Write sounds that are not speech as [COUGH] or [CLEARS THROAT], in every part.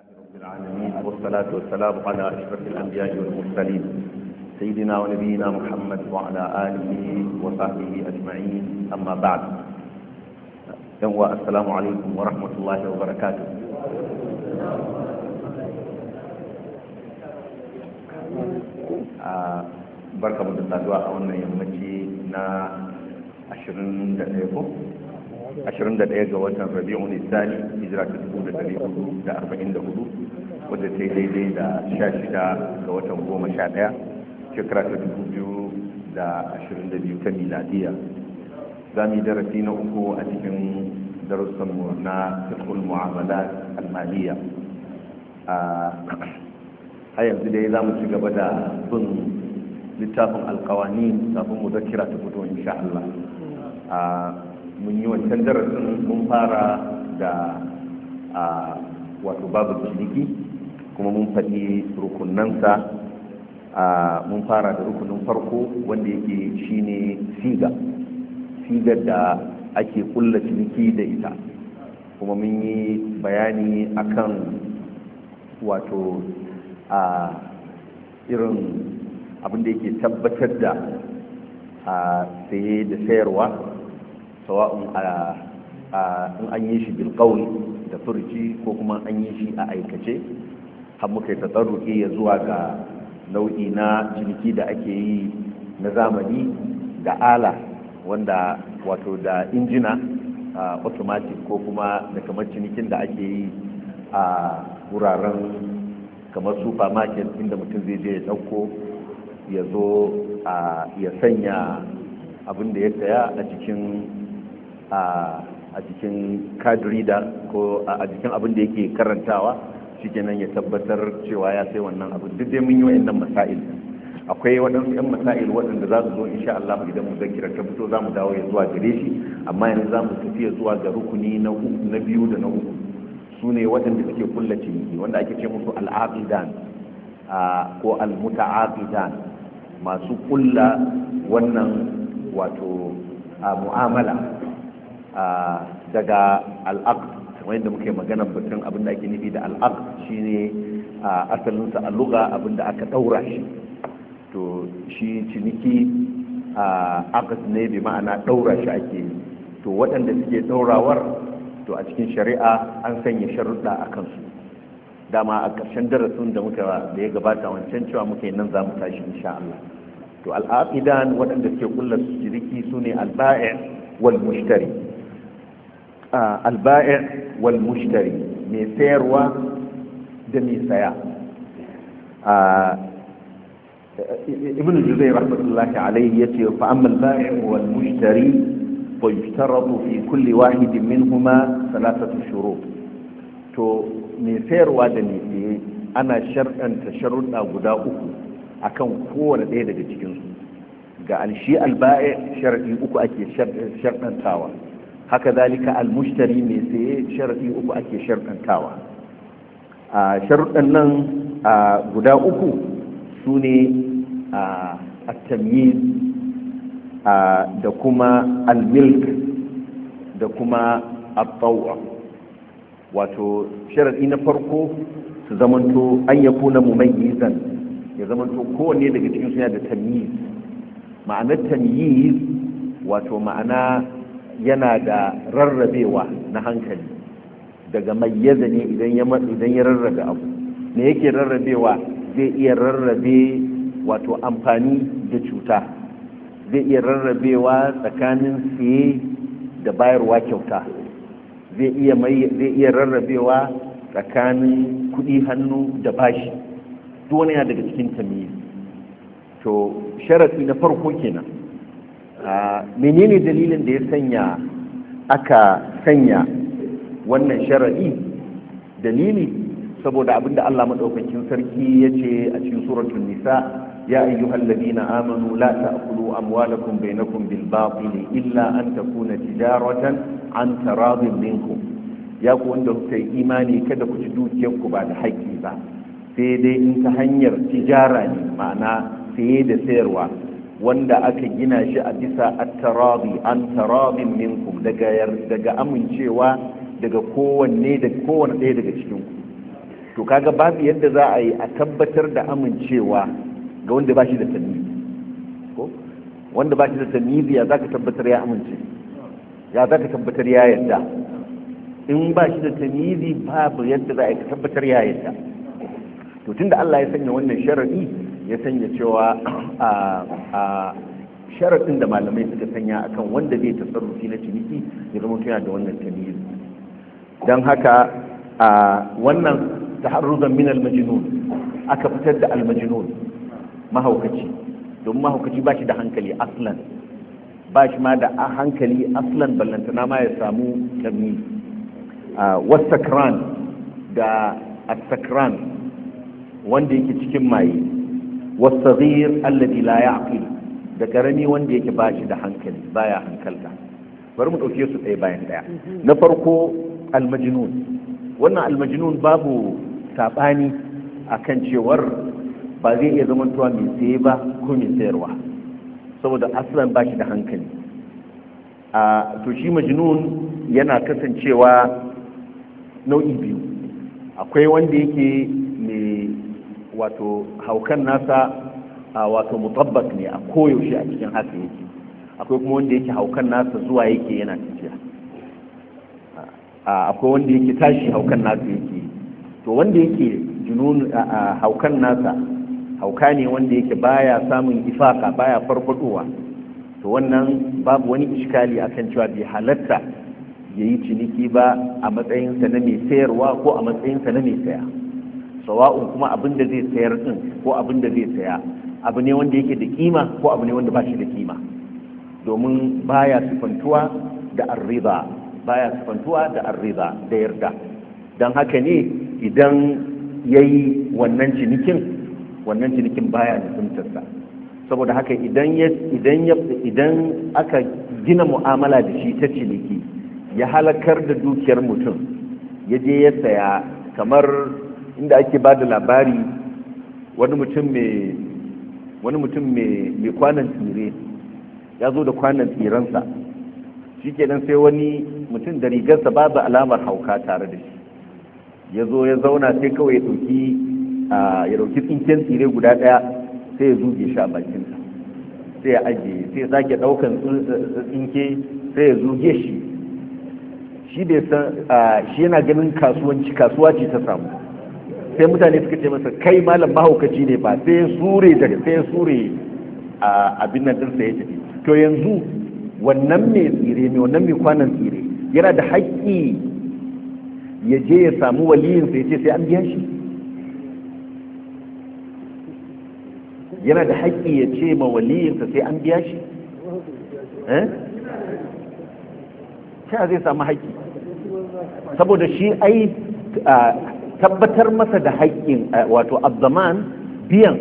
رب العالمين والصلاة والسلام على أشرف الأنبياء والمرسلين سيدنا ونبينا محمد وعلى آله وصحبه أجمعين أما بعد السلام عليكم ورحمة الله وبركاته آه، بركة mu da saduwa a wannan yammaci na 21 ga watan Rabi'u isani hijira ta da da da arba'in hudu, wadda ta yi daidai da sha shida ga watan goma sha daya shekara ta biyu da da ashirin biyu ta miladiya za mu yi darasi na uku a cikin darussanmu na fiskul mu'amala almaliya a yanzu dai za mu ci gaba da bin littafin alkawani kafin mu zakira ta fito insha Allah mun yi wancan darasin mun fara da a wato babu ciniki kuma mun faɗi rukunansa a mun fara da rukunin farko wanda yake shine siga sigar da ake kulla ciniki da ita kuma mun yi bayani kan wato a irin abin da yake tabbatar da a saye da sayarwa sawa'un a in an yi shi bilkauli da furci ko kuma an yi shi a aikace har muka yi ya zuwa ga nau'i na ciniki da ake yi na zamani da ala wanda wato da injina automatic ko kuma da kamar cinikin da ake yi a wuraren kamar supermarket inda mutum zai je ya ɗauko ya zo ya sanya abin da ya saya a cikin a jikin kadrida ko a cikin abin da yake karantawa shikenan ya tabbatar cewa ya sai wannan abu duk dai mun yi wa'annan masail akwai waɗansu 'yan masail waɗanda za su zo sha Allah idan mu zakira ta fito za mu dawo ya zuwa gare shi amma yanzu za mu tafiya zuwa ga rukuni na na biyu da na uku su ne waɗanda suke kulla ciniki wanda ake ce musu al'aqidan ko al-muta'aqidan masu kulla wannan wato mu'amala daga al'aq wanda da muke magana batun abin da ake nufi da al'aq shine asalinsa a luga abin da aka daura shi to shi ciniki aqd ne bi ma'ana daura shi ake yi to waɗanda suke daurawar to a cikin shari'a an sanya sharuɗa a kansu dama a ƙarshen darasin da muka da ya gabata wancan cewa muke nan za mu tashi insha Allah to al'aqidan waɗanda suke kullar ciniki sune al-ba'i' wal mushtari alba'i wal mushtari mai sayarwa da mai saya ibn juzai rahmatullahi alaihi yace fa amma al-ba'i' wal mushtari fa yushtaratu fi kulli wahidin minhuma thalathatu shurut to mai sayarwa da mai saye ana sharɗanta sharuɗa guda uku akan kowane ɗaya daga cikin su ga shi al-ba'i' sharadi uku ake sharɗantawa haka zalika almushtari mai saye sharadi uku ake sharɗantawa a sharɗan nan guda uku su ne a tamyiz da kuma almilk da kuma attawa wato sharadi na farko su zamanto an ya kuna mumayyizan ya zamanto kowanne daga cikin suna da tamyiz ma'anar tamyiz wato ma'ana yana da rarrabewa na hankali daga mayyaza ne idan ya rarrabe abu me yake rarrabewa zai iya rarrabe wato amfani da cuta zai iya rarrabewa tsakanin siye da bayarwa kyauta zai iya rarrabewa tsakanin kudi hannu da bashi duk wani yana daga cikin tamiri to sharafi na farko kenan menene dalilin da ya sanya aka sanya wannan sharaɗi dalili saboda abinda Allah madaukakin sarki ya ce a cikin suratun nisa ya ayyuhal na amanu la ta'kulu amwalakum bainakum bil batil illa an takuna tijaratan an taradin minkum ya ku wanda kuka yi imani kada ku ci ku ba da haƙƙi ba sai dai in ta hanyar tijara ne ma'ana saye da sayarwa wanda aka gina shi a bisa at-tarabi an tarabin minkum daga daga amincewa daga kowanne da kowanne ɗaya daga cikin ku to kaga babu yadda za a yi a tabbatar da amincewa ga wanda ba shi da tamizi ko wanda ba shi da tamizi ya zaka tabbatar ya amince ya zaka tabbatar ya yadda in ba shi da tamizi babu yadda za a yi tabbatar ya yadda to tunda Allah ya sanya wannan sharadi ya sanya cewa a sharaɗin da malamai suka sanya akan wanda zai tasarrufi na ciniki ya zama tuna da wannan tamyiz don haka a wannan taharruzan min almajinun aka fitar da almajinun mahaukaci domin mahaukaci ba shi da hankali aslan ba shi ma da hankali aslan ballantana ma ya samu tamyiz wasakran da asakran wanda yake cikin maye wasagir alladhi la ya'qil da karami wanda yake bashi da hankali baya hankalta bari mu ɗauke su ɗaya bayan ɗaya na farko almajnun wannan almajnun babu a akan cewar ba zai iya zamantawa mai saye ba ko mai sayarwa saboda aslan bashi da hankali a to shi majinun yana kasancewa nau'i biyu akwai wanda yake mai wato haukan nasa wato mutabbat ne a koyaushe a cikin haka yake akwai kuma wanda yake haukan nasa zuwa yake yana tafiya akwai wanda yake tashi haukan nasa yake to wanda yake junun haukan nasa hauka ne wanda yake baya samun ifaka baya farfadowa to wannan babu wani iskali kan cewa bai halatta ya yi ciniki ba a matsayinsa na mai sayarwa ko a matsayinsa na mai saya sawa'un kuma abin da zai sayar din ko abin da zai saya abu ne wanda yake da kima ko abu ne wanda ba shi da kima domin baya sifantuwa da arriba baya sifantuwa da arriba da yarda don haka ne idan ya yi wannan cinikin wannan cinikin baya nufintarsa saboda haka idan aka gina mu'amala da shi ta ciniki ya halakar da dukiyar mutum ya je ya saya kamar inda ake ba da labari wani mutum mai kwanan tsire ya zo da kwanan tsiransa shi kenan sai wani mutum da rigarsa babu alamar hauka tare da shi ya zo ya zauna sai kawai ya ɗauki ya ɗauki tsinken tsire guda ɗaya sai ya zuge shi a bakinsa sai ya ajiye sai ya sake ɗaukan tsinke sai ya zuge shi shi da shi yana ganin kasuwanci kasuwa ce ta samu sai mutane suka ce masa kai malam mahaukaci ne ba sai sure daga sai sure a abin nan ɗinsa ya tafi to yanzu wannan mai tsire mai wannan mai kwanan tsire yana da haƙƙi ya je ya samu waliyinsa ya ce sai an biya shi yana da haƙƙi ya ce ma sa sai an biya shi Eh? sai zai samu haƙƙi saboda shi ai tabbatar masa da haƙƙin eh, wato abzaman biyan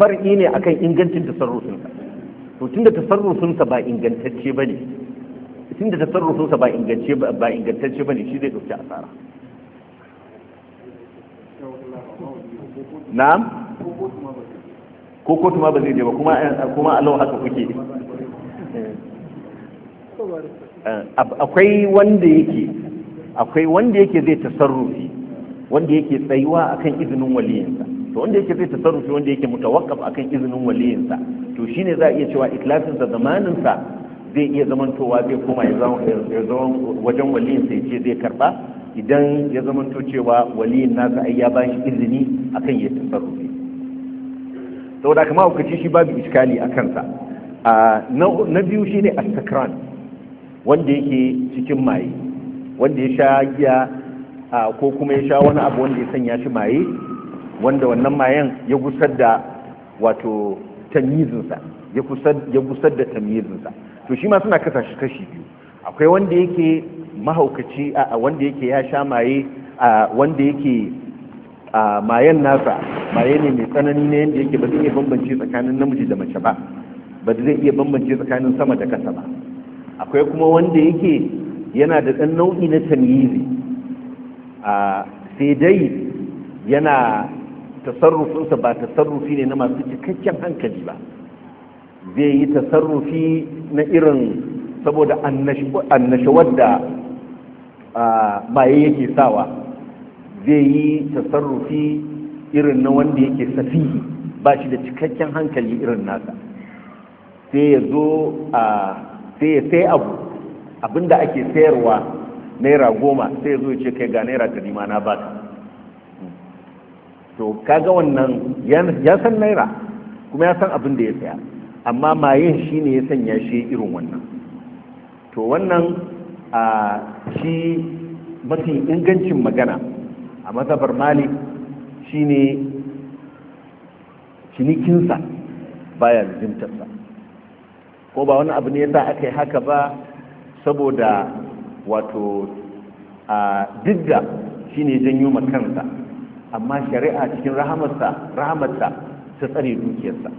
far'i ne akan ingancin tasarrufinsa to tunda tasarrufinsa ba ingantacce bane tunda tasarrufinsa ba ingantacce ba ingantacce bane shi zai dauki asara na'am ko ko kuma ba zai je ba kuma eh, kuma Allah haka kuke eh, akwai wanda yake akwai wanda yake zai tasarrufi wanda yake tsayuwa akan izinin waliyinsa to wanda yake zai tasarrufi wanda yake mutawakkaf akan izinin waliyinsa to shine za a iya cewa iklasin sa zamanin sa zai iya zamantowa zai koma ya zama wajen waliyin sa yace zai karba idan ya zamanto cewa waliyin nasa ai ya ba shi izini akan ya tasarrufi saboda kama hukaci shi babu iskali a kansa na biyu shine astakran wanda yake cikin maye wanda ya sha giya ko kuma ya sha wani abu wanda ya sanya shi maye wanda wannan mayan ya gusar da wato tamizinsa ya gusar da tamizinsa to shi ma suna kasa shi kashi biyu akwai wanda yake mahaukaci a wanda yake ya sha maye a wanda yake a mayan nasa maye ne mai tsanani ne yadda yake ba zai iya bambance tsakanin namiji da mace ba ba zai iya bambance tsakanin sama da kasa ba akwai kuma wanda yake yana da ɗan nau'i na tamizi sai dai yana tasarrufinsa ba tasarrufi ne na masu cikakken hankali ba zai yi tasarrufi na irin saboda annashi wadda maye yake sawa zai yi tasarrufi irin na wanda yake safi ba shi da cikakken hankali irin nasa sai ya zo a sai ya sai abu abinda ake sayarwa naira goma sai zo ce kai ga naira ta ma na baka to kaga wannan ya san naira kuma ya san abin da ya saya amma mayin shi ne ya sanya shi irin wannan to wannan a shi mafi ingancin magana a mazabar mali shi ne cinikinsa baya zimtarsa ko ba wani abu ne ya sa aka yi haka ba saboda wato a didda shine janyo makansa amma shari'a cikin rahamarsa rahamarsa ta tsare dukiyarsa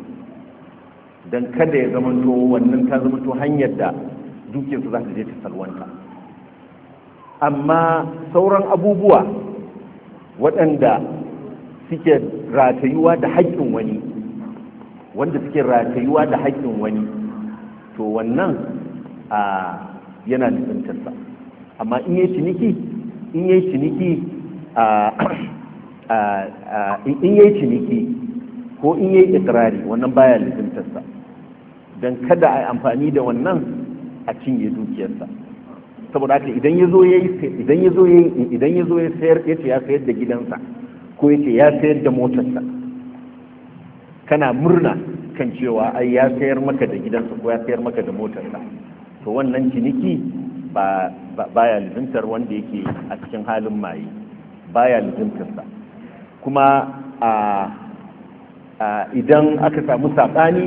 don kada ya to wannan ta zama to hanyar da dukiyarsa za ta je ta salwanta amma sauran abubuwa waɗanda suke ratayuwa da haƙƙin wani wanda suke ratayuwa da haƙƙin wani to wannan a yana tattalin amma in yi ciniki in yi ciniki in yi ciniki ko in yi ikirari wannan baya lizimtarsa don kada a yi amfani da wannan a cinye dukiyarsa saboda haka idan ya zo ya idan ya zo ya idan ya zo ya sayar ya ce ya sayar da gidansa ko ya ce ya sayar da motarsa kana murna kan cewa ai ya sayar maka da gidansa ko ya sayar maka da motarsa to wannan ciniki baya lizimtar wanda yake a cikin halin maye baya lizimtarsa kuma idan aka samu saɓani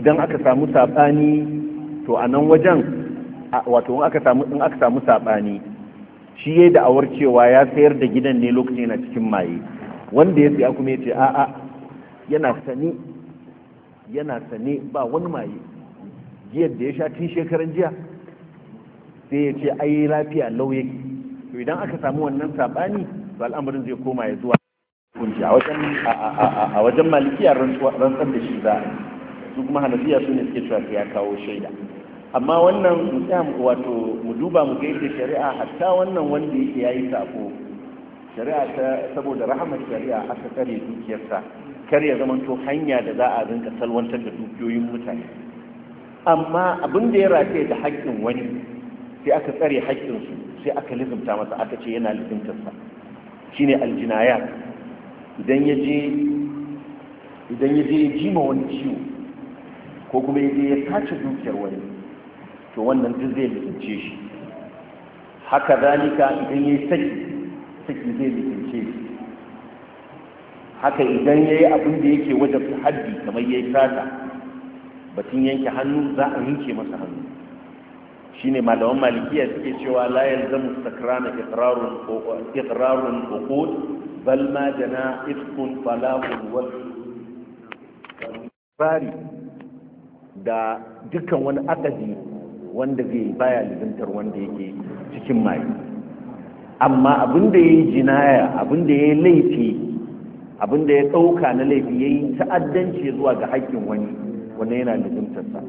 idan aka samu saɓani to a nan wajen wato in aka samu saɓani shi ya da'awar cewa ya sayar da gidan ne lokacin yana cikin maye wanda ya siya kuma ya ce a'a yana sane yana sane ba wani maye giyar da ya sha tun shekaran jiya sai ya ce ai lafiya lauye to idan aka samu wannan sabani to al'amarin zai koma ya zuwa kunci a wajen a wajen malikiya rantsar da shi za su kuma hanafiya su ne suke cewa sai ya kawo shaida amma wannan musam wato mu duba mu ga yadda shari'a hatta wannan wanda yake yayi sako shari'a ta saboda rahama shari'a aka kare dukiyarsa kar ya zama to hanya da za a rinka salwantar da dukiyoyin mutane amma abin da ya rataye da haƙƙin wani sai aka tsare haƙƙinsu sai aka lizimta masa aka ce yana lizimtarsa shi ne aljinaya idan ya je ya ma wani ciwo ko kuma ya je ya tace dukiyar wani to wannan duk zai lizince shi haka zalika idan ya yi saki saki zai lizince shi haka idan ya yi abin da yake wajen haddi kamar ya yi sata batun yanke hannu za a yanke masa hannu shine malaman malikiya suke cewa la yalzamu istikrana iqrarun iqrarun uqud bal ma jana ifkun talaqun wal bari da dukkan wani akadi wanda zai baya lizintar wanda yake cikin mai amma abin da yayi jinaya abin da yayi laifi abin da ya dauka na laifi yayi ta'addanci zuwa ga haƙƙin wani wanda yana lizintar sa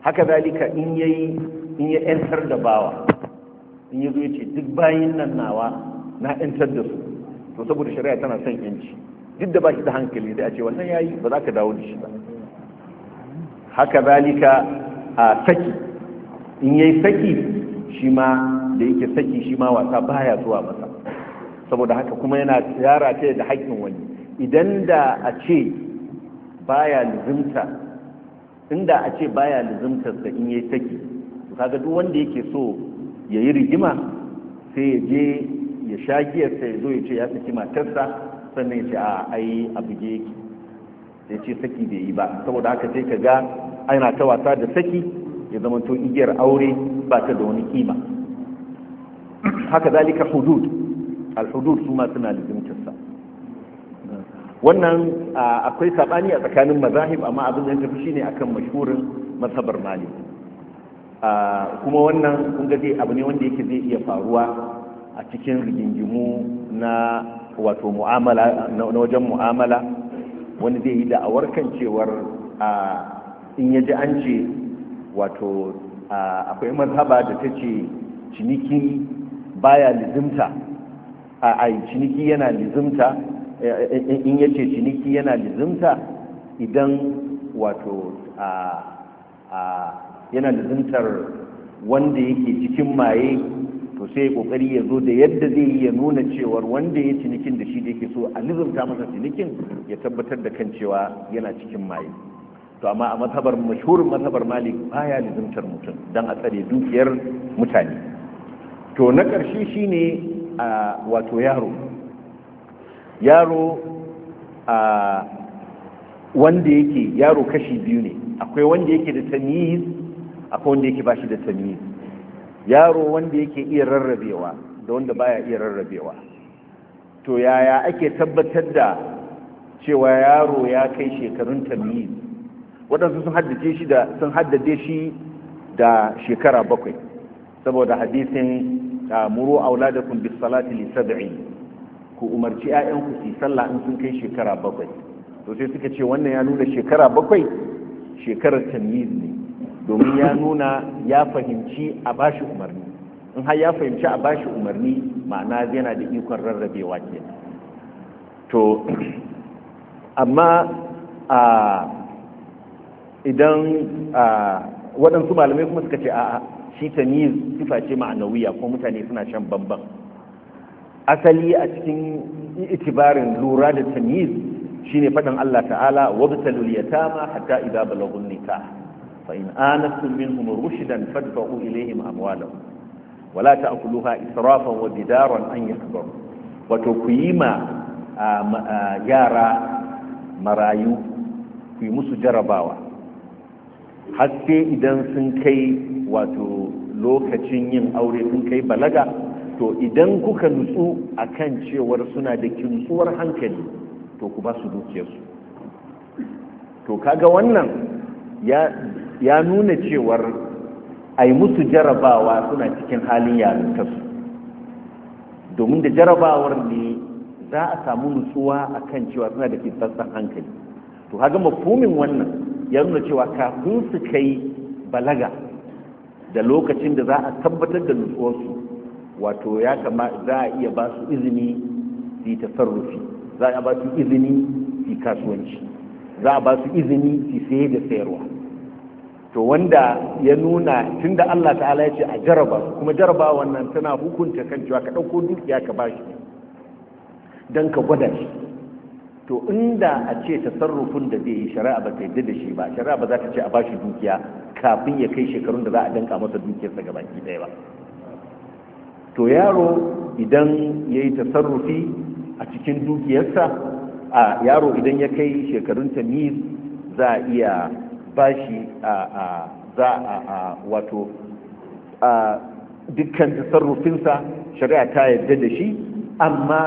haka zalika in yayi in ya yantar da bawa in ya zo ya ce duk bayin nan nawa na yantar da su to saboda shari'a tana son yanci duk da ba shi da hankali da a ce wannan ya yi ba za ka dawo da shi ba haka zalika a saki in ya yi saki shi ma da yake saki shi ma wasa baya zuwa masa saboda haka kuma yana yara ce da haƙƙin wani idan da a ce baya lizimta inda a ce baya lizimta da in yi saki kaga duk wanda yake so ya yi rigima sai ya je ya sha giyarsa ya zo ya ce ya saki matarsa sannan ya ce a ai abu je yake ya ce saki bai yi ba saboda haka sai ka ga ana ta wasa da saki ya zama to igiyar aure ba ta da wani kima haka zalika hudud al-hudud su ma suna lizimtarsa wannan akwai sabani a tsakanin mazahib amma abin da ya tafi shine akan mashhurin mazhabar maliki kuma wannan kun ga zai abu ne wanda yake zai iya faruwa a cikin rigingimu na wato mu'amala na wajen mu'amala wani zai yi da'awar kan cewar in yaji an ce wato akwai mazhaba da ta ce ciniki baya lizimta a ciniki yana lizimta e, e, e, in yace ciniki yana lizimta idan wato a yana da lizintar wanda yake cikin maye to sai kokari ya zo da yadda zai yi ya nuna cewar wanda ya cinikin da shi da yake so a lizumta masa cinikin ya tabbatar da kan cewa yana cikin maye to amma a matabar mashhurin matabar malik baya lizumtar mutum don a tsare dukiyar mutane to na ƙarshe shine a wato yaro yaro a wanda yake yaro kashi biyu ne akwai wanda yake da tamiz akwai wanda yake bashi da tamyiz yaro wanda yake iya rarrabewa da wanda baya iya rarrabewa to yaya ake tabbatar da cewa yaro ya kai shekarun tamyiz waɗansu sun haddace shi da sun haddace shi da shekara bakwai saboda hadisin ah, muru auladakum bis salati li sab'i ku umarci 'ya'yanku su sallah in sun kai shekara bakwai to sai suka ce wannan ya nuna shekara bakwai shekarar tamyiz ne domin ya nuna ya fahimci a bashi umarni in har ya fahimci a bashi umarni ma'ana yana da ikon rarrabewa ke to [CLEARS THROAT] amma a idan waɗansu malamai kuma suka ce a shi ni sifa ce ma'anawiya ko mutane suna shan bambam asali a cikin itibarin lura da tamiz shine faɗin Allah ta'ala wabtalul yatama hatta idza balagun nikah فإن آنستم منهم رشدا فادفعوا إليهم أموالهم ولا تأكلوها إسرافا وبدارا أن يكبروا وتقيم يارا مرايو في مسجر باوا حتى إذا سنكي وتو lokacin yin aure sun kai balaga to idan kuka nutsu akan cewar suna da kintsuwar hankali to ku ba su dukiyarsu to kaga wannan ya nuna cewar ai musu jarabawa suna cikin halin yarintarsu domin da jarabawar ne za a samu nutsuwa a kan cewa suna da fitattun hankali to haga mafumin wannan ya nuna cewa kafin su kai balaga da lokacin da za a tabbatar da nutsuwarsu wato ya kama za a iya ba su izini su yi tasarrufi za a ba su izini su yi kasuwanci za a ba su izini su saye da sayarwa to wanda ya nuna tun da Allah ta'ala ya ce a jaraba kuma jaraba wannan tana hukunta kan cewa ka ɗauko dukiya ka bashi don ka gwada shi to inda a ce tasarrufin da zai yi shari'a ba ta yadda da shi ba shari'a ba za ta ce a bashi dukiya kafin ya kai shekarun da za a danka masa dukiyarsa ga baki ɗaya ba to yaro idan ya yi tasarrufi a cikin dukiyarsa a yaro idan ya kai shekarun tamiz za a iya bashi a za a wato a dukkan tasarrufinsa shari'a ta yarda da shi amma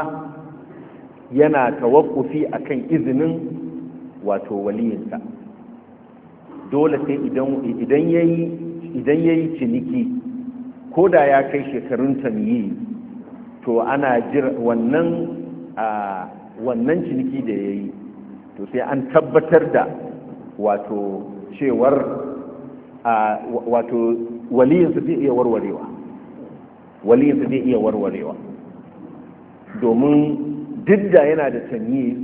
yana a kan izinin wato waliyinsa dole sai idan yayi idan ciniki ko da ya kai shekarun tamyiz to ana jira wannan wannan ciniki da ya yi to sai an tabbatar da wato cewar wato waliyinsu zai iya warwarewa waliyinsu zai iya warwarewa domin duk da yana da tanyi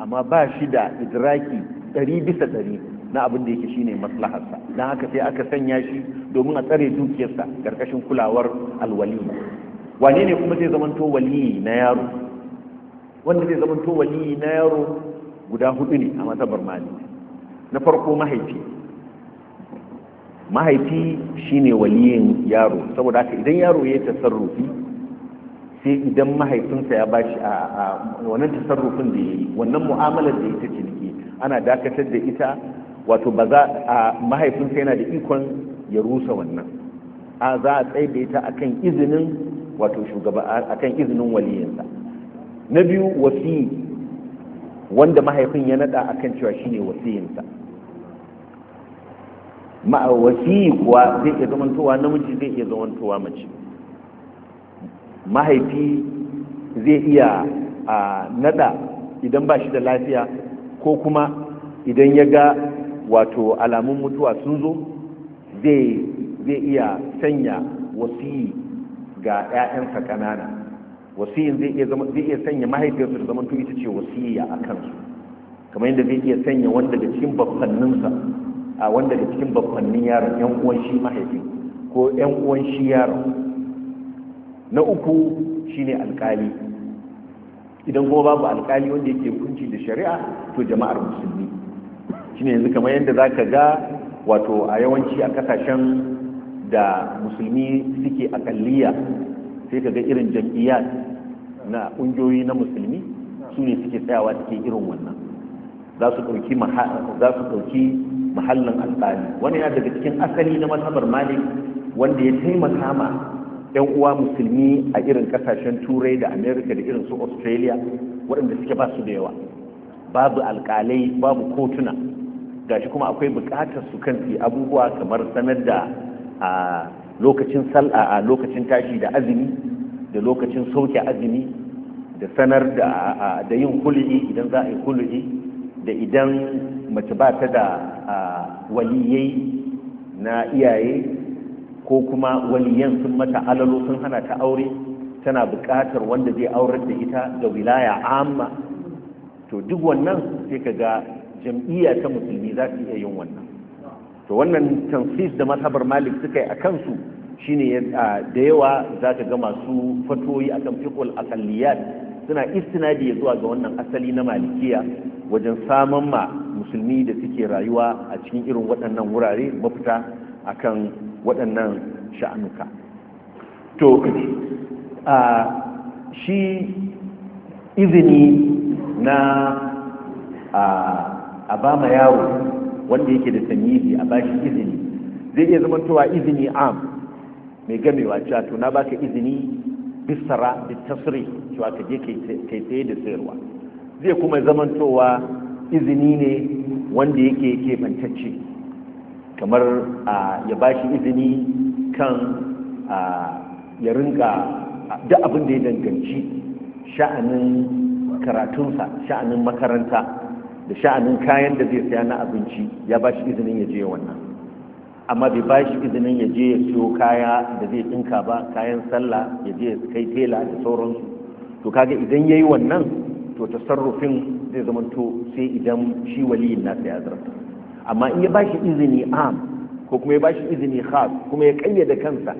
amma ba shi da idraki ɗari bisa ɗari na abin da yake ne maslaharsa don haka sai aka sanya shi domin a tsare dukiyarsa ƙarƙashin kulawar alwali wane ne kuma zai zamanto waliyi na yaro wanda zai zama to wali na yaro guda hudu ne a matsabar mali na farko mahaifi mahaifi shine waliyin yaro saboda haka idan yaro ya tasarrufi sai idan mahaifinsa ya bashi a wannan tasarrufin da ya yi wannan mu'amalar da ya ta ciniki ana dakatar da ita wato ba za a mahaifinsa yana da ikon ya rusa wannan a za a tsaye da ita akan izinin wato shugaba akan izinin waliyinsa na biyu wasii wanda mahaifin ya nada kan cewa shine wasiyinsa ma wasiyi kuwa zai iya zamantowa namiji zai iya zamantowa mace mahaifi zai iya nada idan ba shi da lafiya ko kuma idan ya ga wato alamun mutuwa sun zo zai iya sanya wasi ga 'ya'yansa ƙanana wasiyin zai iya zama zai iya sanya mahaifiyarsu da zaman to ita ce wasiyya a kansu kamar yadda zai iya sanya wanda daga cikin babbanninsa a wanda daga cikin babbannin yaron yan uwan shi mahaifin ko yan uwan shi yaron na uku shine alkali idan kuma babu alkali wanda yake hukunci da shari'a to jama'ar musulmi shine yanzu kamar yadda zaka ga wato a yawanci a kasashen da musulmi suke akalliya sai ka ga irin jam'iyyar na ƙungiyoyi na musulmi su ne suke tsayawa suke irin wannan za su ɗauki mahallin alƙali wani yana daga cikin asali na mazhabar malik wanda ya taimaka ma 'yan uwa musulmi a irin ƙasashen turai da america da irin su australia waɗanda suke ba su da yawa babu alƙalai babu kotuna gashi kuma akwai buƙatar su kan abubuwa kamar sanar da a lokacin sal'a a lokacin tashi da azumi da lokacin sauke azumi da sanar da da yin hulɗi idan za a yi hulɗi da idan mace ba ta da waliyai na iyaye ko kuma waliyan sun mata alalo sun hana ta aure tana buƙatar wanda zai aurar da ita da wilaya amma to duk wannan sai ka ga jam'iyya ta musulmi za su iya yin wannan to wannan tansis da mazhabar malik suka yi a kansu shine da yawa za ka ga masu fatoyi a kan fiƙul akalliyat suna istinadi zuwa ga wannan asali na malikiya wajen saman ma musulmi da suke rayuwa a cikin irin waɗannan wurare mafita a kan waɗannan sha'anuka to a shi izini na a ba ma yawo wanda yake da sanyihi a shi izini zai iya zamantowa izini am mai gamewa cewa to na baka izini bisara da tasiri cewa ka je kai tsaye da sayarwa zai kuma zamantowa izini ne wanda yake kebantacce kamar ya ba shi izini kan ya rinka duk abin da ya danganci sha'anin karatunsa sha'anin makaranta da sha'anin kayan da zai saya na abinci ya ba shi izinin ya je wannan amma bai ba shi izinin ya je ya siyo kaya da zai dinka ba kayan sallah ya je ya kai tela da sauransu to kaga idan ya yi wannan to tasarrufin zai zamanto sai idan shi waliyin na ya zarta amma in ya ba shi izini am ko kuma ya ba shi izini khas kuma ya kayyade kansa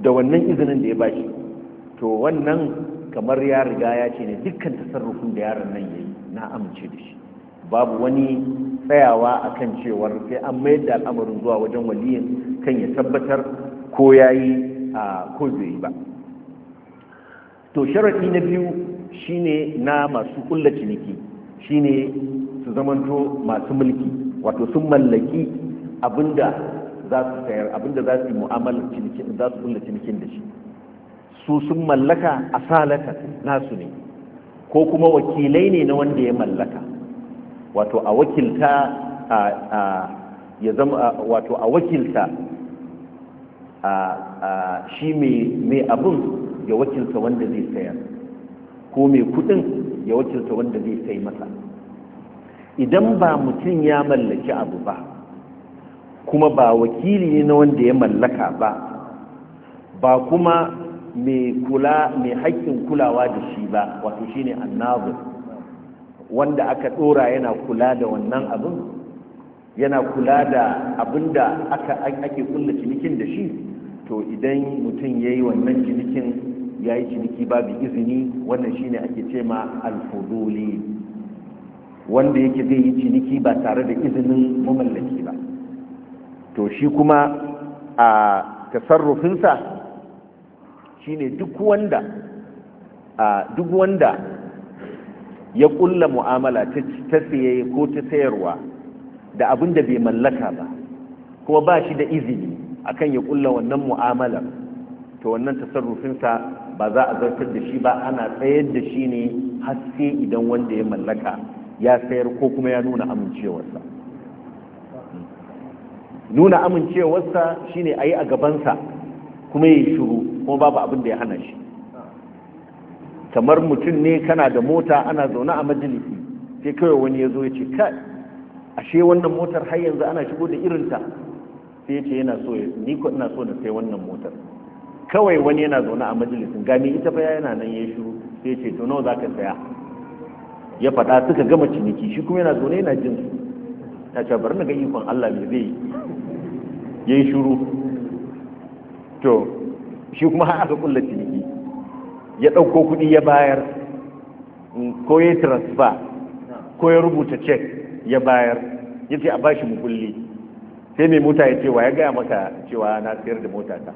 da wannan izinin da ya ba shi to wannan kamar ya riga ya ce ne dukkan tasarrufin da yaron nan ya yi na amince da shi babu wani tsayawa a kan cewar sai an mayar da al'amarin zuwa wajen waliyin kan ya tabbatar ko ya yi ko zai ba to sharaɗi na biyu shine na masu kulla ciniki shine su zamanto masu mulki wato sun mallaki abinda za su sayar abinda za su yi mu'amalar cinikin za su kulla cinikin da shi su sun mallaka asalata nasu ne ko kuma wakilai ne na wanda ya mallaka wato a wakilta ya zama wato a wakilta shi mai abun ya wakilta wanda zai sayar ko mai kudin ya wakilta wanda zai sai masa idan ba mutum ya mallaki abu ba kuma ba wakili ne na wanda ya mallaka ba ba kuma mai kula mai haƙƙin kulawa da shi ba wato shine annabu. wanda aka dora yana kula da wannan abin yana kula da abin da aka ake kulla cinikin da shi to idan mutum ya yi wannan cinikin ya yi ciniki babu izini wannan shi ne ake ce ma alfuduli wanda yake zai yi ciniki ba tare da izinin mamallaki ba to shi kuma a tasarrufinsa Shi duk duk wanda ya kulla mu'amala ta siye ko ta sayarwa da abin da bai mallaka ba kuma ba shi da izini akan ya kulla wannan mu'amala to wannan tasarrufinsa ba za a zartar da shi ba ana tsayar da shi ne haske idan wanda ya mallaka ya sayar ko kuma ya nuna amincewarsa nuna amincewarsa shine a yi a gabansa kuma ya yi shuru kuma babu abin da ya hana shi kamar mutum ne kana da mota ana zaune a majalisi sai kawai wani ya zo ya ce kai ashe wannan motar har yanzu ana shigo da irinta sai ya ce yana so ya ni ko ina so na sai wannan motar kawai wani yana zaune a majalisin gani ita fa yana nan ya shiru sai ya ce to nawa zaka saya ya faɗa suka gama ciniki shi kuma yana zaune yana jin su ta ce bari na ga ikon Allah me zai yi yayi shiru to shi kuma har aka kullace ya ɗauko kuɗi ya bayar ko ya transfer ko ya rubuta cek ya bayar ya ce a bashi mukulli sai mai mota ya cewa ya gaya maka cewa na sayar da mota ta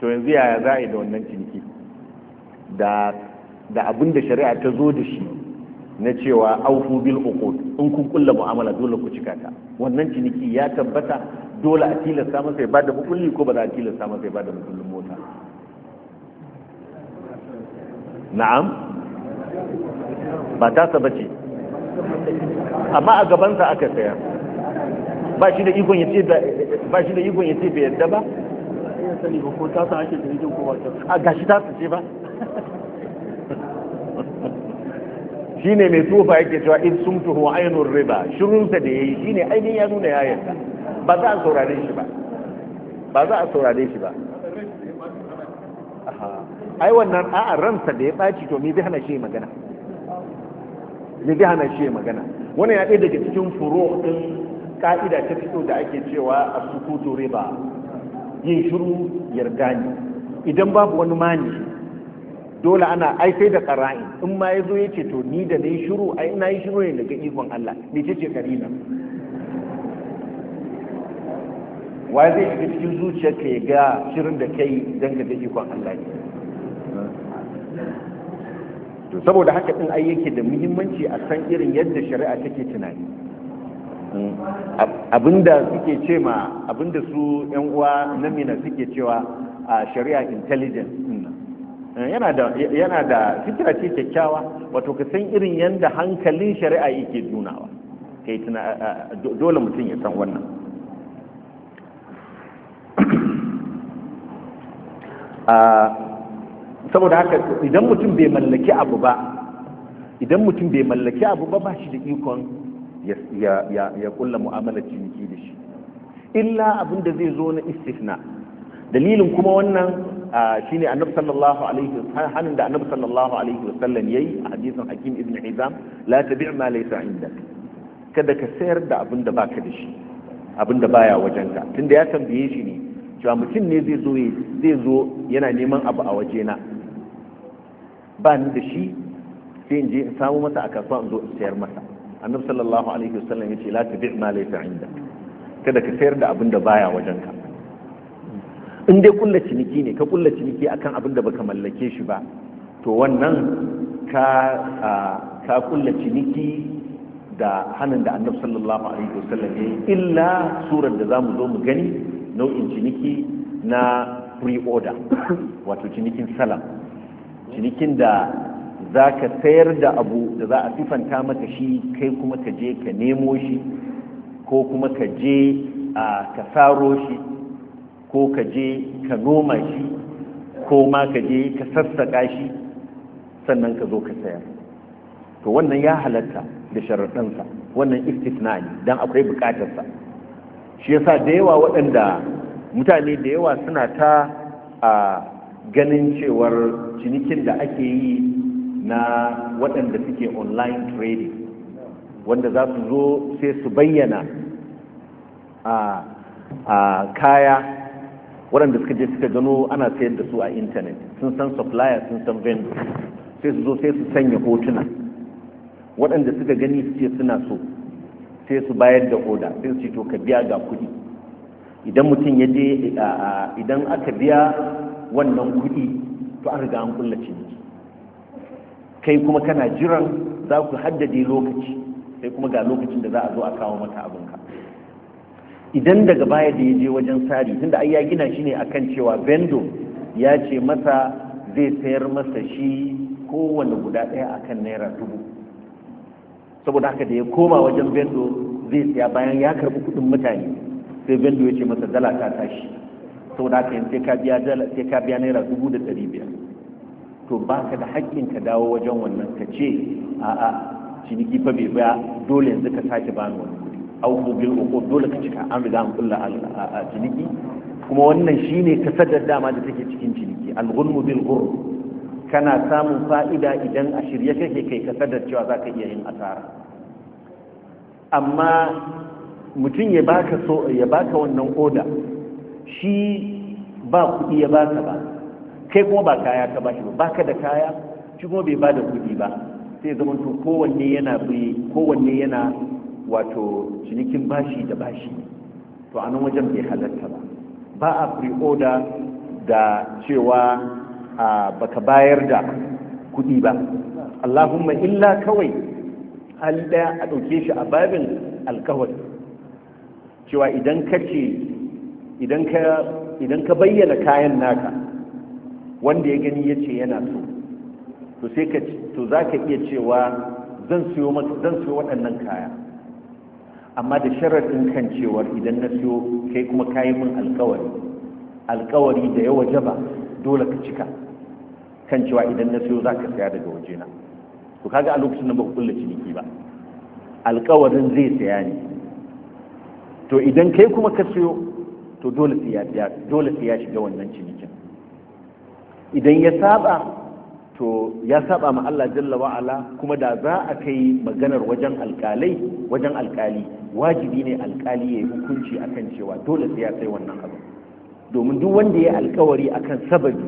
to yanzu yaya za a yi da wannan ciniki da da abin da shari'a ta zo da shi na cewa aufu bil uqud in kun kulla mu'amala dole ku cika ta wannan ciniki ya tabbata dole a tilasta masa ya bada mukulli ko ba za a tilasta masa ya bada mukullin mota na'am ba tasa ba ce amma a gabansa aka saya ba shi da ikon ya ce ba shi da ikon ya ce bai yadda ba ko tasa ake a gashi tasa ce ba [LAUGHS] shi ne mai tufa yake cewa in sun tuho ainihin riba shirinsa da ya yi shi ne ainihin ya nuna ya yadda ba za a saurare shi ba ba za a saurare shi ba ai wannan a'a ransa da ya ɓaci to me zai hana shi magana me zai hana shi magana wannan ya ɗaya daga cikin furo din ka'ida ta fito da ake cewa a sukutu riba yin shiru yarda ne idan babu wani mani dole ana ai sai da qara'in in ma yazo yace to ni da nayi shiru ai ina yi shiru ne daga ikon Allah me ce karina wa zai shiga cikin zuciyarka ya ga shirin da kai dangane ga ikon Allah ne to saboda haka din ai yake da muhimmanci a san irin yadda shari'a take tunani hmm. abinda suke ce ma abinda su yan uwa na mina suke cewa a shari'a intelligence eh, yana da yana da fikira ce kyakkyawa wato ka san irin yadda hankalin shari'a yake junawa, kai tuna dole mutum ya san wannan [CLEARS THROAT] a saboda haka idan mutum bai mallaki abu ba idan mutum bai mallaki abu ba ba shi da ikon ya kulla mu'amalar ciniki da shi illa abin da zai zo na istisna dalilin kuma wannan shine annabi sallallahu alaihi wasallam hanin da annabi sallallahu alaihi wasallam yayi a hadisin hakim ibn hizam la tabi' ma laysa indak kada ka sayar da abin da baka da shi abin da baya wajenka tunda ya tambaye shi ne cewa mutum ne zai zo zai zo yana neman abu a wajena ba ni da shi sai in je in samu masa a kasuwa in zo in sayar masa annabi sallallahu alaihi wasallam yace la tabi' ma laysa inda kada ka sayar da abin da baya wajen ka in dai kulla ciniki ne ka kulla ciniki akan abin da baka mallake shi ba to wannan ka ka kulla ciniki da hannun da annabi sallallahu alaihi wasallam yayi illa surar da zamu zo mu gani nau'in ciniki na pre-order wato cinikin salam cinikin da za ka sayar da abu da za a sifanta maka shi kai kuma ka je ka nemo shi ko kuma ka je ka saro shi ko ka je ka noma shi ko ma ka je ka sassaƙa shi sannan ka zo ka sayar to wannan ya halatta da sharaɗansa wannan istisna ne don akwai buƙatarsa shi yasa da yawa waɗanda mutane da yawa suna ta a ganin cewar cinikin da ake yi na waɗanda suke online trading wanda za su zo sai su bayyana a kaya waɗanda suka je suka gano ana sayar da su a intanet sun san supplier sun san vendor sai su zo sai su sanya hotuna waɗanda suka gani suke suna so sai su bayar da oda sai su to ka biya ga kuɗi idan mutum ya je idan aka biya wannan kuɗi to an riga an kulla ciniki kai kuma kana jiran za ku haddade lokaci sai kuma ga lokacin da za a zo a kawo maka ka idan daga baya da ya je wajen sari tunda ai ya gina shi ne akan cewa bendo ya ce masa zai sayar masa shi kowane guda ɗaya akan naira dubu saboda haka da ya koma wajen bendo zai siya bayan ya karɓi kuɗin mutane sai bendo ya ce masa dala ta tashi sau da ka yi sai ka biya naira dubu da ɗari biyar to ba ka da haƙƙin ka dawo wajen wannan ka ce a'a ciniki fa bai ba dole yanzu ka sake bani wani kuɗi au bil dole ka cika an riga an kulla a ciniki kuma wannan shine kasadar dama da take cikin ciniki al-ghulmu bil ghurm kana samun fa'ida idan a shirye kake kai kasadar cewa za ka iya yin asara amma mutum ya baka so ya baka wannan oda shi ba kuɗi ya ba ka ba kai kuma ba kaya ka bashi ba ka da kaya shi kuma bai ba da kuɗi ba sai zama to kowanne yana bai kowanne yana wato cinikin bashi da bashi to a nan wajen bai halarta ba ba a pre-order da cewa baka bayar da kuɗi ba allahumma illa kawai hali ɗaya a ɗauke shi a babin alkawari cewa idan ka ce idan ka bayyana kayan naka wanda ya gani ya ce yana so to sai ka to za iya cewa zan siyo waɗannan kaya amma da sharaɗin kan cewar idan na siyo kai kuma kayi min alkawari alkawari da ya ba dole ka cika kan cewa idan na siyo zaka ka saya daga wajena to kaga a lokacin nan ba ku kulla ciniki ba alkawarin zai saya ne to idan kai kuma ka siyo to dole sai ya shiga wannan cinikin idan ya saba to ya saba ma Allah jalla wa kuma da za a kai maganar wajen alkalai wajen alkali wajibi ne alkali ya yi hukunci akan cewa dole sai ya sai wannan abu domin duk wanda ya alkawari akan sababi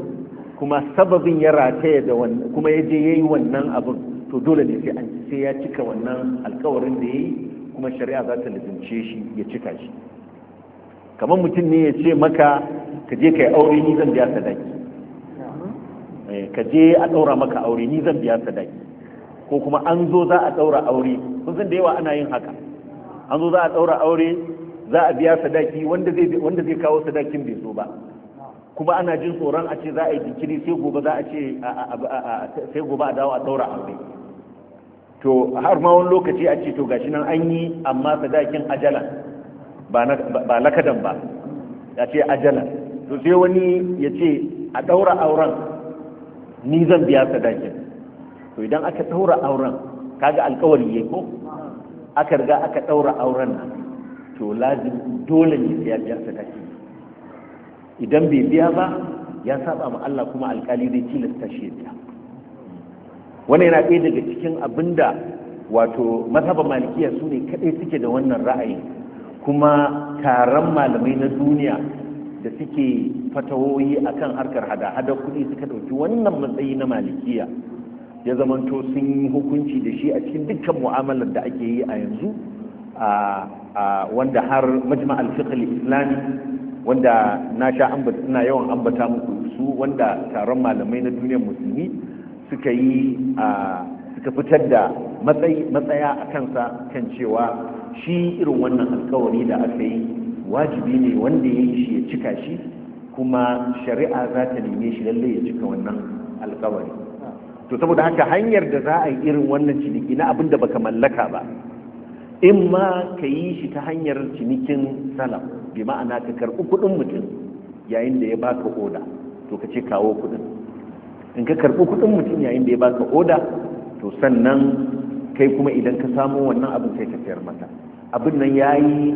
kuma sababin ya rataya da wannan kuma ya je yayi wannan abin to dole ne sai an sai ya cika wannan alkawarin da ya yi kuma shari'a za ta lizince shi ya cika shi kamar mutum ne ya ce maka ka je ka yi aure ni zan biya sadaki eh, ka je a ɗaura maka aure ni zan biya sadaki ko kuma an zo za a ɗaura aure kun san da yawa ana yin haka an zo za a ɗaura aure za a biya sadaki wanda zai kawo sadakin bai zo ba kuma ana jin tsoron a ce za a yi jinkiri sai gobe za a ce sai gobe a dawo a ɗaura aure to har ma wani lokaci a ce to gashi nan an yi amma sadakin ajalan ba lakadan ba ya ce ajalan to sai wani ya ce a ɗaura auren ni zan biya sadakin to idan aka ɗaura auren kaga alkawari ya ko aka riga aka ɗaura auren nan to lazim dole ne ya biya sadakin idan bai biya ba ya saba ma Allah kuma alkali zai tilasta shi biya wannan yana ɗaya daga cikin abinda wato mazhaban malikiya su ne kaɗai suke da wannan ra'ayi. kuma taron malamai na duniya da suke fatawoyi kan harkar hada-hadar kuɗi suka ɗauki wannan matsayi na malikiya ya zamanto sun yi hukunci da shi a cikin dukkan mu'amalar da ake yi a yanzu wanda har majma alfiqal islami wanda na sha ina yawan ambata muku su wanda taron malamai na duniya musulmi suka yi suka fitar da matsaya a kansa kan cewa shi irin wannan alkawari da aka yi wajibi ne wanda ya yi shi ya cika shi kuma shari'a za ta neme shi lalle ya cika wannan alkawari to saboda haka hanyar da za a yi irin wannan ciniki na abin da baka mallaka ba in ma ka yi shi ta hanyar cinikin salam bi ma'ana ka karɓi kuɗin mutum yayin da ya baka oda to ka ce kawo kuɗin in ka karɓi kuɗin mutum yayin da ya baka oda to sannan kai kuma idan ka samu wannan abin sai ka sayar mata abin nan ya yi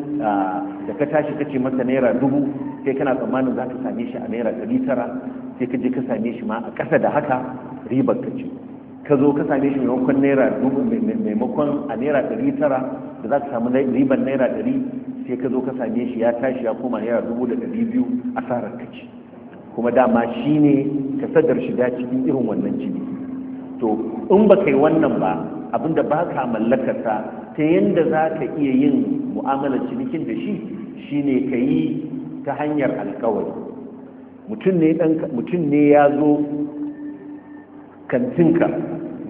da ka tashi ka ce masa naira dubu sai kana tsammanin za ka same shi a naira ɗari tara sai ka je ka same shi ma a ƙasa da haka ribar ka ce ka zo ka same shi maimakon naira dubu maimakon a naira ɗari tara da za ka samu ribar naira ɗari sai ka zo ka same shi ya tashi ya koma naira dubu da ɗari biyu asarar ka ce kuma dama shi ne ka sadar shiga cikin irin wannan ciki to in ba kai wannan ba abinda ba ka mallakarsa ta yadda za ka iya yin mu'amalar cinikin da shi shi ne ka yi ta hanyar alkawari mutum ne ya zo kantinka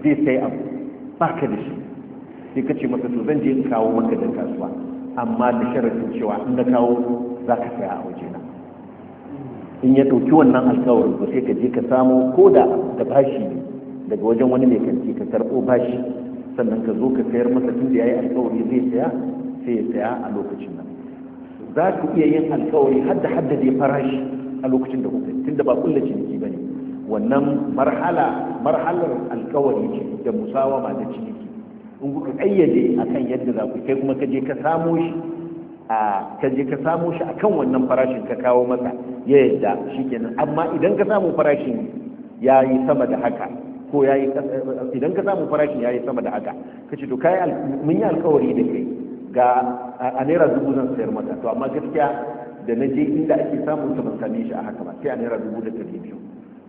zai sai abu ba ka da shi sai ka ce masa to zan je in kawo maka kasuwa amma da sharafin cewa in na kawo za ka saya a wajena in ya ɗauki wannan alkawarin ko sai ka je ka samo ko da bashi daga wajen wani mai kanti ka karɓo bashi sannan ka zo ka sayar masa tun da ya yi alkawari zai saya sai ya saya a lokacin nan za ku iya yin alkawari har da farashi a lokacin da kuka tun da ba kulla ciniki ba ne wannan marhala marhalar alkawari ce da musawama da ciniki in kuka a kan yadda za ku kai kuma ka je ka samo shi a ka je ka samo shi akan wannan farashin ka kawo masa ya yadda shikenan amma idan ka samu farashin ya yi sama da haka ko ya yi idan ka samu farashin ya yi sama da haka ka ce to kayan mun yi alkawari da kai ga a naira dubu zan sayar mata to amma gaskiya da na je inda ake samun ta ban same shi a haka ba sai a naira dubu da ɗari biyu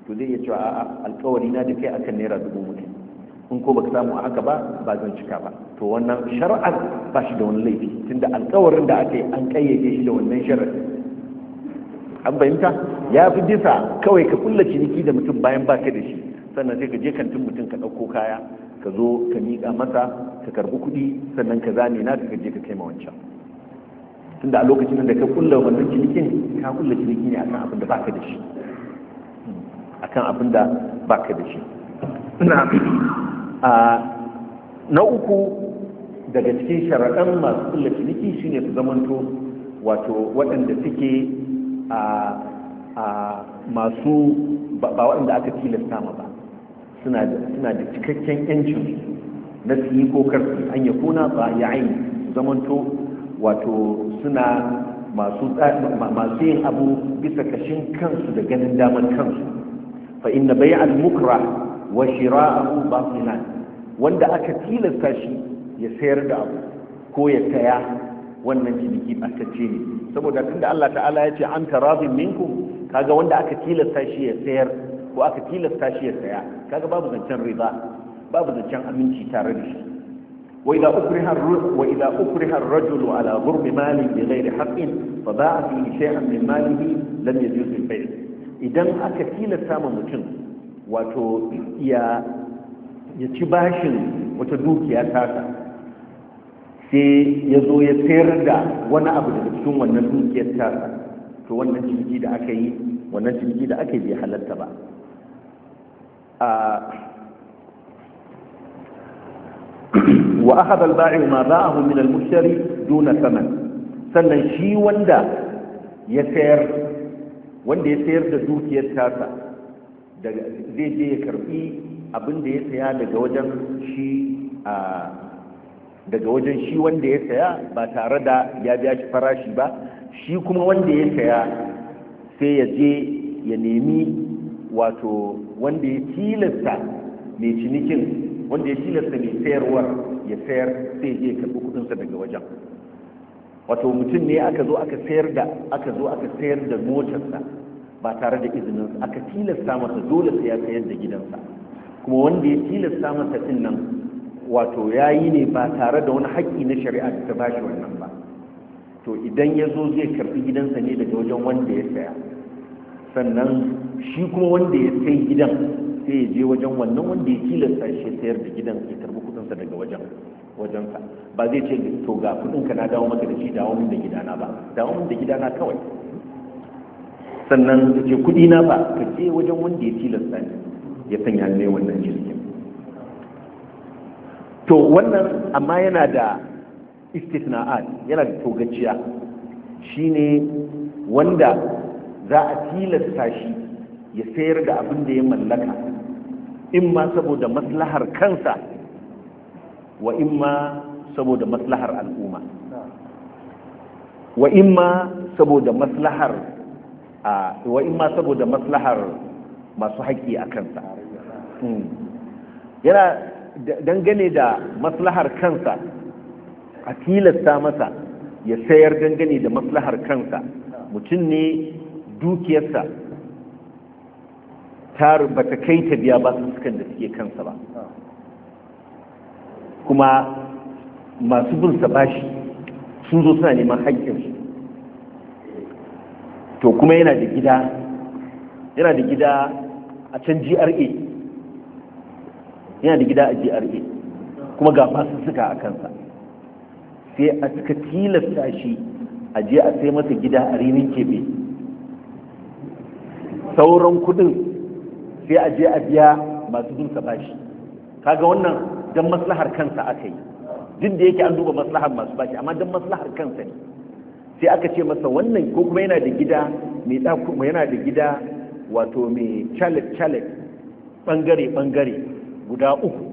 to zai iya cewa a'a alkawari na da kai akan naira dubu mutu in ko baka samu a haka ba ba zan cika ba to wannan shar'ar ba shi da wani laifi tunda alkawarin da aka yi an kayyade shi da wannan shar'ar an fahimta ya fi bisa kawai ka kulla ciniki da mutum bayan baka da shi sannan sai ka je kantin mutum ka ɗauko kaya ka zo ka miƙa masa ka karbi kuɗi sannan ka zame na ka je ka kai ma wancan tunda a lokacin da ka kulla wannan cinikin ka kulla ciniki ne akan abin da baka da shi hmm, akan abin da baka da shi na a ah, na uku daga cikin sharaɗan masu kulla ciniki shine su zamanto wato waɗanda suke a ah, ah, masu ba waɗanda aka tilasta ma ba suna da cikakken yancin na su yi kokar su an ya kuna ba ya aini zamanto wato suna masu yin abu bisa kashin kansu da ganin damar kansu fa inna bai al-mukra wa shira'ahu batilan wanda aka tilasta shi ya sayar da abu ko ya taya wannan ciniki ɓatacce ne saboda tunda Allah ta'ala ya ce an tarazin minkum kaga wanda aka tilasta shi ya sayar ko aka tilasta shi ya saya kaga babu zancen riba babu zancen aminci tare da shi wa idza ukriha wa idza ukriha ar-rajul ala ghurm mali bi ghairi haqqin fa ba'a fi shay'an min malihi lam yajuz bay idan aka tilasta ma mutum wato ya ya ci bashin wata dukiya tasa sai ya zo ya sayar da wani abu daga cikin wannan dukiyar tasa to wannan ciniki da aka yi wannan ciniki da aka yi bai halatta ba wa akhadha al-ba'i ma ba'ahu min al-mushtari duna thaman sannan shi wanda ya sayar wanda ya sayar da dukiyar tasa daga zai je ya karbi abin da ya saya daga wajen shi a daga wajen shi wanda ya saya ba tare da ya biya shi farashi ba shi kuma wanda ya saya sai ya je ya nemi wato wanda ya tilasta mai cinikin wanda ya tilasta mai sayarwar ya sayar sai ya karɓi kudinsa daga wajen wato mutum ne aka zo aka sayar da aka zo aka sayar da motarsa ba tare da izinin aka tilasta masa dole sai ya sayar da gidansa kuma wanda ya tilasta masa din nan wato ya yi ne ba tare da wani haƙƙi na shari'a da ta bashi wannan ba to idan ya zo zai karɓi gidansa ne daga wajen wanda ya saya sannan shi kuma wanda ya sai gidan sai ya je wajen wannan wanda ya tilasta shi sayar da gidan ya karbi kudinsa daga wajen wajensa ba zai ce to ga kudinka na dawo maka da shi dawo min da gidana ba dawo min da gidana kawai sannan ya ce kudi na ba ka je wajen wanda ya tilasta ni ya sanya ne wannan jirgin to wannan amma yana da istisna'at yana da togaciya shine wanda za a tilasta shi ya sayar da abin da ya mallaka in ma saboda maslahar kansa wa in ma saboda maslahar al'umma wa in ma saboda maslahar wa in ma saboda maslahar masu haƙƙi a kansa hmm. yana dangane da maslahar kansa a tilasta masa ya sayar dangane da maslahar kansa mutum ne dukiyarsa ta bata kai ta biya ba su da suke kansa ba kuma masu bin sa bashi sun zo suna neman haƙƙinsu to kuma yana da gida yana da gida a can GRA yana da gida a GRA kuma ga masu suka a kansa sai a suka tilasta shi a je a sai masa gida a rinin kebe sauran kudin sai a je a biya masu bin sa bashi kaga wannan dan maslahar kansa aka yi da yake an duba maslahar masu bashi amma dan maslahar kansa ne sai aka ce masa wannan ko kuma yana da gida mai yana da gida wato mai chalet chalet bangare bangare guda uku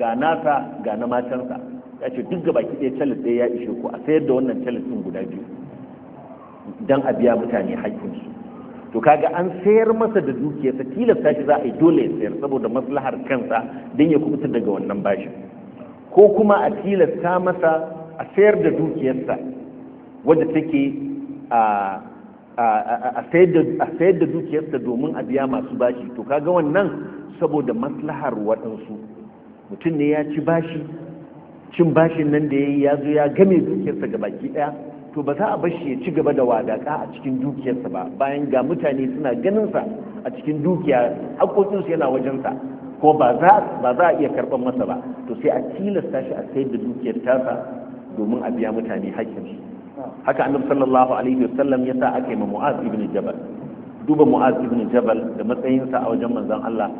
ga nasa ga na matansa ya ce duk gaba ɗaya chalet ɗaya ya ishe ku a sayar da wannan chalet ɗin guda biyu dan a biya mutane haƙƙinsu to kaga an sayar masa da dukiyarsa tilasta shi za a yi dole ya sayar saboda maslahar kansa don ya kubuta daga wannan bashin ko kuma a tilasta masa a sayar da dukiyarsa wadda take a a sayar da dukiyarsa domin a biya masu bashi to kaga wannan saboda maslahar waɗansu mutum ne ya ci bashi cin bashin nan da ya yi ya zo ya game dukiyarsa ga baki ɗaya to ba za a bashi ya ci gaba da wadaka a cikin dukiyarsa ba bayan ga mutane suna ganinsa a cikin dukiya haƙoƙinsu yana wajensa ko ba za a iya karɓar masa ba to sai a tilasta shi a sayar da dukiyar tasa domin a biya mutane haƙƙinsu haka annabi sallallahu alaihi wasallam ya sa aka yi ma mu'az ibn jabal duba mu'az ibn jabal da matsayinsa a wajen manzon Allah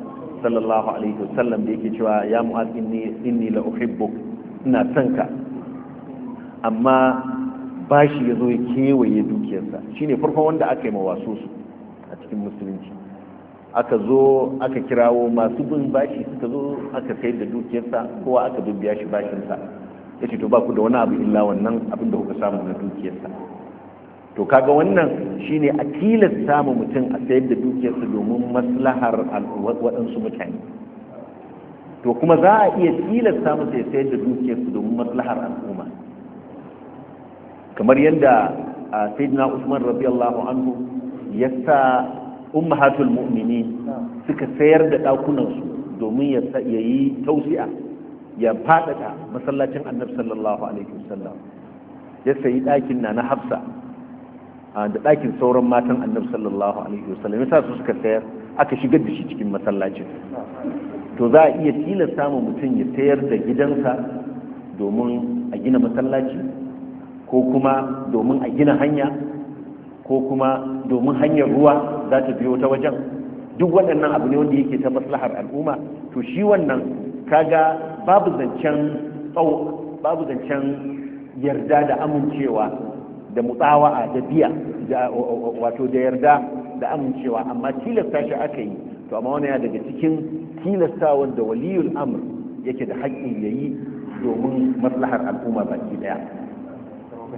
sallallahu alaihi wasallam da yake cewa ya mu'az inni inni la uhibbuk ina son ka amma bashi ya zo ya kewaye dukiyarsa shine farkon wanda aka yi mawaso su a cikin musulunci aka zo aka kirawo masu bin bashi suka zo aka sayar da dukiyarsa kowa aka dubbiya shi bashinsa ya ce to ba ku da wani abu illa wannan abin da kuka samu na dukiyarsa to kaga wannan shine a tilasta mu mutum a sayar da dukiyarsa domin maslahar waɗansu mutane to kuma za a iya tilasta mu ya sayar da dukiyarsa domin maslahar al'umma kamar yadda ah, saidina Usman radiyallahu anhu ya sa ummahatul mu'minin suka sayar da ɗakunansu domin ya yi tausi'a ya fadada masallacin annabi sallallahu alaihi wasallam ya sayi dakin na na Hafsa ah, da ɗakin sauran matan annabi sallallahu alaihi wasallam ya su suka sayar aka shigar da shi cikin masallacin to za a iya tilasta mu mutum ya sayar da gidansa domin a gina masallaci ko kuma domin a gina hanya ko kuma domin hanyar ruwa za ta biyo ta wajen duk waɗannan abu ne wanda yake ta maslahar al'umma to shi wannan kaga babu zancen tsawo babu zancen yarda da amincewa da mutsawa'a da biya wato da yarda da amincewa amma tilasta shi aka yi to amma wani ya daga cikin tilasta wanda waliyul amr yake da haƙƙin yayi domin maslahar al'umma baki daya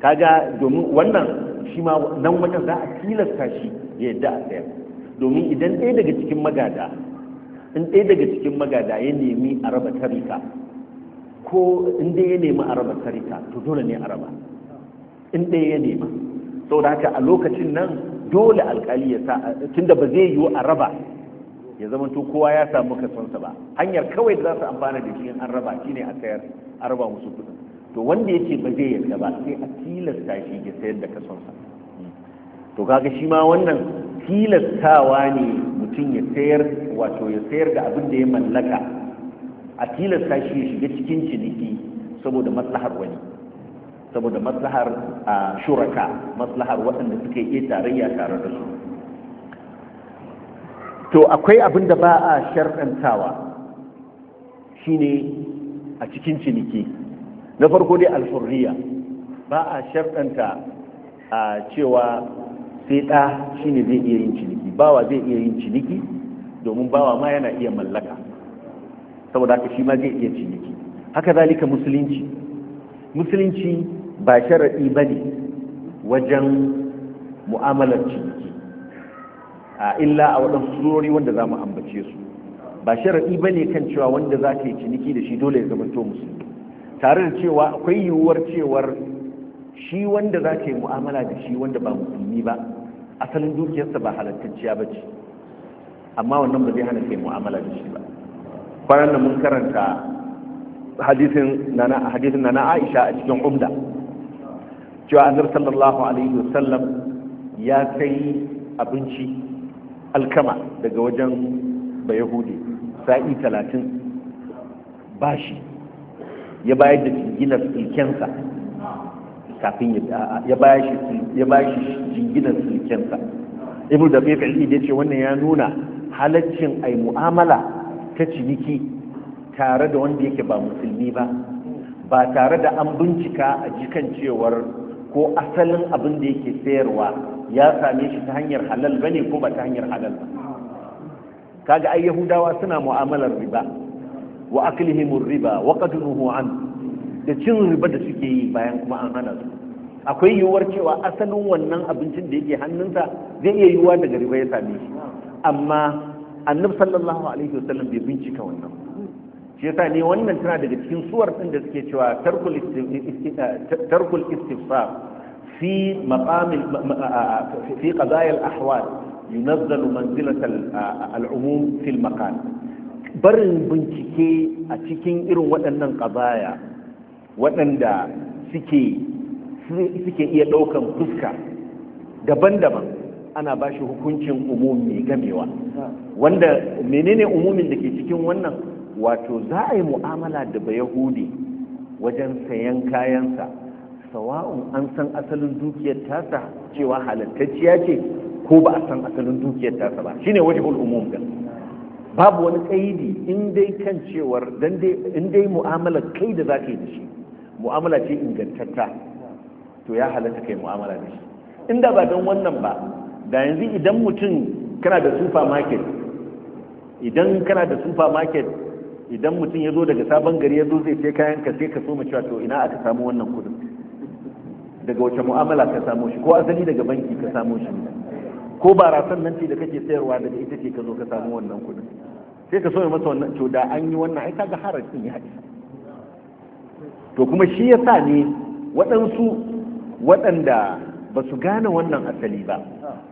kaga domin wannan shi ma nan wajen za a tilasta shi ya yadda a sayar domin idan ɗaya daga cikin magada in ɗaya daga cikin magada ya nemi a raba tarika ko in dai ya nemi a raba tarika to dole ne a raba in ɗaya ya nema saboda haka a lokacin nan dole alkali ya sa tun da ba zai yiwu a raba ya zama to kowa ya samu kasonsa ba hanyar kawai da za su amfana da shi an raba shine a sayar a raba musu kudin to wanda ya ba zai yarda ba sai a tilasta shi ya sayar da kasonsa to kaga shi ma wannan tilastawa ne mutum ya sayar wato ya sayar da abin da ya mallaka a tilasta shi ya shiga cikin ciniki saboda maslahar wani saboda maslahar a shuraka maslahar waɗanda suke yi tarayya tare da su to akwai abin da ba a sharɗantawa shine a cikin ciniki na farko dai alfurriya ba a shartanta a cewa sai ɗa shi ne zai iya yin ciniki bawa zai iya yin ciniki domin bawa ma yana iya mallaka saboda haka shi ma zai iya ciniki haka zalika musulunci musulunci ba sharaɗi ba ne wajen mu'amalar ciniki a illa a waɗansu surori wanda za mu ambace su ba sharaɗi ba ne kan cewa wanda za yi ciniki da shi dole ya zama to musulmi tare da cewa akwai yiwuwar cewar shi wanda za ka yi mu'amala da shi wanda ba musulmi ba asalin dukiyarsa ba halattacciya ba ce amma wannan ba zai hana kai mu'amala da shi ba kwanan da mun karanta hadisin nana Aisha a cikin umda cewa annabi sallallahu alaihi wasallam ya kai abinci alkama daga wajen bayahudi sa'i talatin bashi ya bayar da jinginar silkensa kafin ya bayar shi jinginar silkensa ibu da ya ce wannan ya nuna halaccin ai mu'amala ta ciniki tare da wanda yake ba musulmi ba ba tare da an bincika a jikan cewar ko asalin abin da yake sayarwa ya same shi ta hanyar halal bane ko ba ta hanyar halal ba kaga ai yahudawa suna mu'amalar riba wa aklihimur riba wa qadnuhu an da cin riba da suke yi bayan kuma an hana su akwai yiwuwar cewa asalin wannan abincin da yake hannunsa zai iya yiwuwa daga riba ya same shi amma annabi sallallahu alaihi sallam bai bincika wannan shi yasa ne wannan tana daga cikin suwar din da suke cewa tarkul eh, tarkul istifsar fi maqam fi qadaya al ahwal ينزل منزلة العموم في المقال barin bincike a cikin irin waɗannan ƙazaya waɗanda suke iya ɗaukan fuska daban-daban ana ba shi hukuncin umumi mai gamewa wanda menene umumin da ke cikin wannan wato za a yi mu'amala da ba yahudi wajen sayan kayansa sawa'un an san asalin dukiyar tasa cewa halattacciya ce ko ba a san asalin dukiyar tasa ba shine wajhul umum umumin babu wani kaidi in dai kan cewar in dai mu'amala kai da za yi da shi mu'amala ce ingantatta to ya halatta kai mu'amala da shi inda ba don wannan ba da yanzu idan mutum kana da supermarket idan kana da supermarket idan mutum ya zo daga sabon gari ya zo zai ce kayan ka sai ka so mu cewa to ina aka samu wannan kudin daga wace mu'amala ka samu shi ko asali daga banki ka samu shi ko barasan nan ce da kake sayarwa daga ita ce ka zo ka samu wannan kudin sai ka so masa wannan to da an yi wannan ai ga harafin ya isa to kuma shi ya sa ne waɗansu waɗanda ba su gane wannan asali ba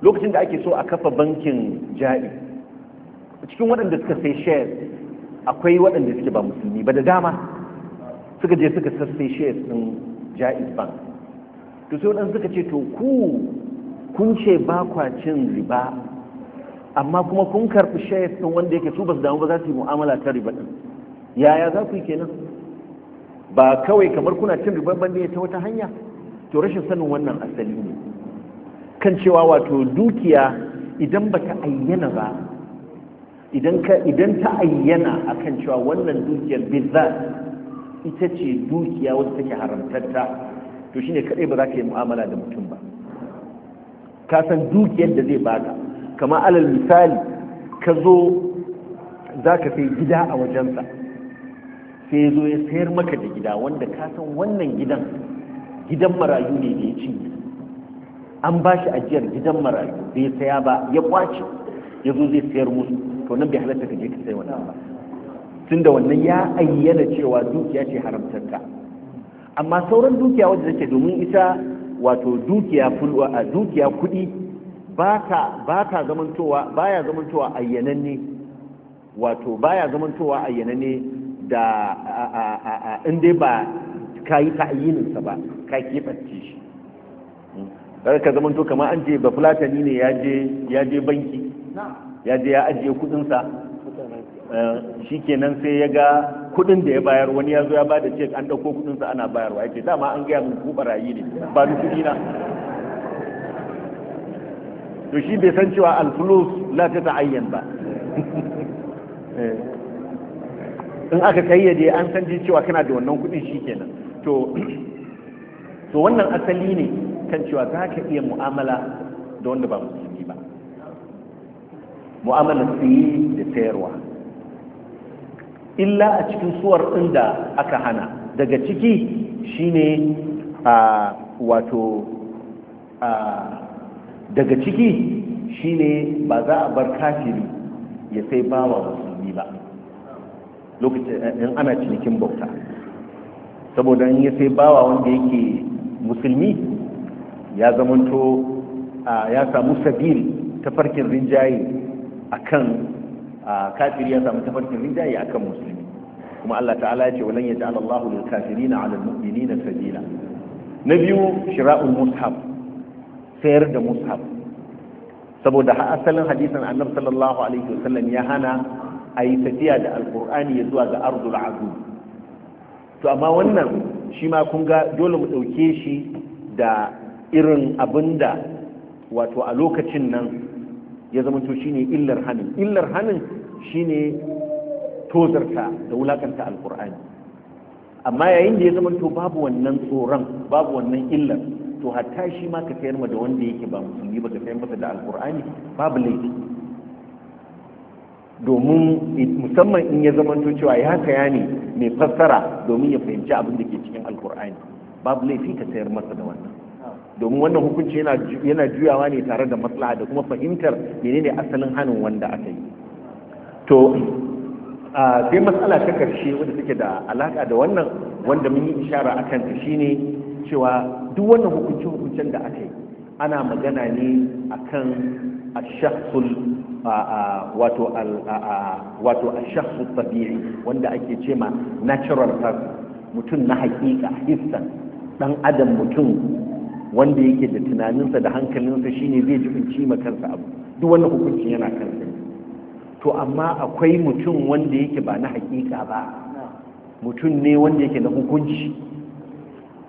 lokacin da ake so a kafa bankin ja'i cikin waɗanda suka sai shares akwai waɗanda suke ba musulmi ba da dama suka je suka sassai shares ɗin ja'i bank to sai waɗanda suka ce to ku kun ce ba kwa cin riba amma kuma kun karɓi shayar ɗin wanda yake su ba su damu ba za su yi mu'amala ta riba ɗin yaya za ku yi kenan ba kawai kamar kuna cin riba ban ne ta wata hanya to rashin sanin wannan asali ne kan cewa wato dukiya idan ba ta ayyana ba idan ta ayyana akan cewa wannan dukiyar bizar ita ce dukiya wadda take haramtatta to shine kaɗai ba za ka yi mu'amala da mutum ba ka san dukiyar da zai baka kama alal misali ka zo za ka sai gida a wajensa sai ya zo ya sayar maka da gida wanda ka san wannan gidan gidan marayu ne da ya an ba shi ajiyar gidan marayu zai saya ba ya kwace ya zo zai sayar musu to nan bai halatta ka je ka sai wannan ba tun da wannan ya ayyana cewa dukiya ce haramtarka amma sauran dukiya wadda take domin ita wato dukiya fulwa dukiya kudi ba baka zamantowa baya zamantowa ayyananne wato baya zamantowa ayyananne da in dai ba ka yi ta'ayyinin ba ka keɓance shi kar ka zamanto kama an je ba fulatani ne ya je banki ya je ya ajiye kudinsa Eh, shi kenan sai ya ga kudin da ya bayar wani ya zo ya bada cek an ɗauko kudinsa ana bayarwa ya ce dama an gaya min ku barayi ne ba duk kudi na to shi bai san cewa alfulus la ta ta'ayyan ba [LAUGHS] eh. in aka kayyade an san cewa kana da wannan kudin shi kenan to [CLEARS THROAT] to wannan asali ne kan cewa za ka iya mu'amala da wanda ba musulmi ba mu'amala sai da sayarwa illa a cikin suwar ɗin da aka hana daga ciki shine a wato a daga ciki shine ba za a bar kafiri ya sai bawa musulmi ba lokacin eh, ana cinikin bauta saboda in ya sai bawa wanda yake musulmi ya zamanto ya samu sabil ta farkin rinjaye akan kafiri ya samu tafarkin rinjaye akan musulmi kuma Allah ta'ala ya ce walan yaj'al Allahu lil kafirina 'ala al na sabila na biyu shira'ul mushaf sayar da mushaf saboda asalin hadisan annabi sallallahu alaihi wasallam ya hana a yi tafiya da alkur'ani ya zuwa ga ardul azum to amma wannan shi ma kun ga dole mu ɗauke shi da irin abinda wato a lokacin nan ya zama to shine illar hanin illar hanin shine tozarta da wulakanta alkur'ani amma yayin da ya zama to babu wannan tsoron babu wannan illar to hatta shi ma ka sayar ma da wanda yake ba musulmi ba ka sayar masa da alkur'ani babu laifi domin musamman in ya zama to cewa ya saya ne mai fassara domin ya fahimci abin da ke cikin alkur'ani babu laifi ka sayar masa da wannan domin wannan hukunci yana juyawa ne tare da matsala da kuma fahimtar menene asalin hannun wanda aka yi to sai matsala ta karshe wadda take da alaka da wannan wanda mun yi ishara a kanta shine cewa duk wannan hukunci hukuncen da aka yi ana magana ne a kan ashahsul wato ashaksul tabi'i wanda ake ce ma natural person mutum na hakika hifsan dan adam mutum wanda yake da tunaninsa da hankalinsa shine zai jibinci ma kansa abu duk wannan hukuncin yana kansa to amma akwai mutum wanda yake ba na hakika ba mutum ne wanda yake na hukunci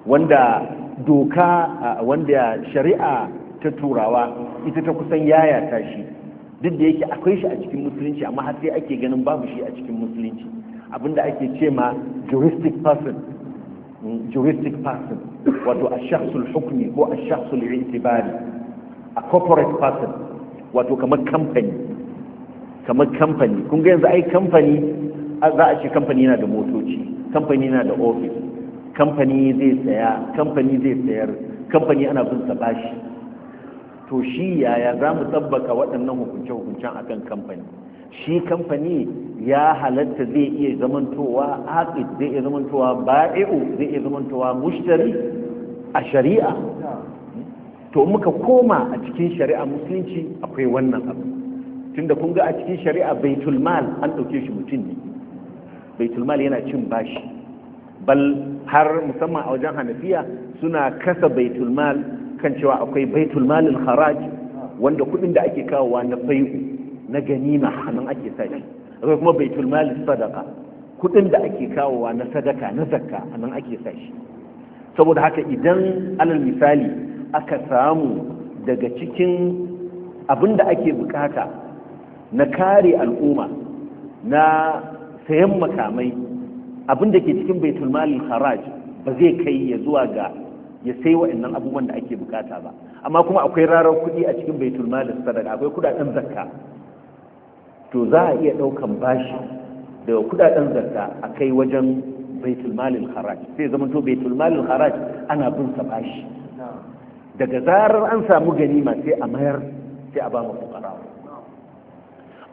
wanda doka wanda shari'a ta turawa ita ta kusan yaya ta shi duk da yake akwai shi a cikin musulunci amma har sai ake ganin babu shi a cikin musulunci abinda ake ce ma juristic person mm, juristic person wato a shahsul hukmi ko a shahsul itibari a corporate person wato kamar kamfani kamar kamfani kun ga yanzu ai kamfani za a ce kamfani yana da motoci kamfani yana da ofis kamfani zai saya kamfani zai sayar kamfani ana bin sa bashi to shi yaya za mu tsabbaka waɗannan hukunce-hukuncen akan kamfani shi kamfani ya halatta zai iya zamantowa aqid zai iya zamantowa ba'i'u zai iya zamantowa mushtari a shari'a to muka koma a cikin shari'a musulunci akwai wannan abu tunda kun ga a cikin shari'a baitul mal an dauke shi mutum ne baitul mal yana cin bashi bal har musamman a wajen hanafiya suna kasa baitul mal kan cewa akwai baitul malin haraj wanda kudin da ake kawowa na fai'u na ganima nan ake sa shi akwai kuma baitul mali sadaka kudin da ake kawowa na sadaka na zakka a nan ake sa shi saboda haka idan alal misali aka samu daga cikin abin ake bukata na kare al'umma na sayan makamai abin ke cikin baitul mali haraj ba zai kai ya zuwa ga ya sai wa'annan abubuwan da ake bukata ba amma kuma akwai rarar kudi a cikin baitul mali sadaka akwai kudaden zakka to za a iya ɗaukan bashi da kudaden zakka a kai wajen baitulmalin haraj sai zama to haraj ana bin sa bashi daga zarar an samu ganima sai a mayar sai a ba mu fukara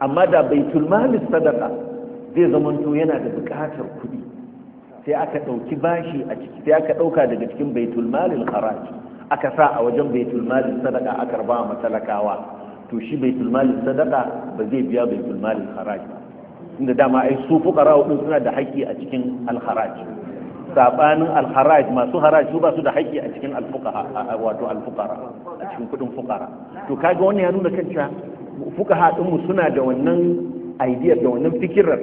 amma da baitulmalin sadaka zai zama to yana da bukatar kuɗi sai aka ɗauki bashi a ciki sai aka ɗauka daga cikin baitulmalin haraj aka sa a wajen baitulmalin sadaka aka raba matalakawa to shi bai malin sadaka ba zai biya bai malin haraj inda dama ai su fuqara din suna da haƙƙi a cikin al-haraj sabanin al-haraj masu haraj su ba su da haƙƙi a cikin fuqaha wato fuqara a cikin kudin fuqara to kaga wannan ya nuna kanta fuqaha din mu suna da wannan idea da wannan fikirar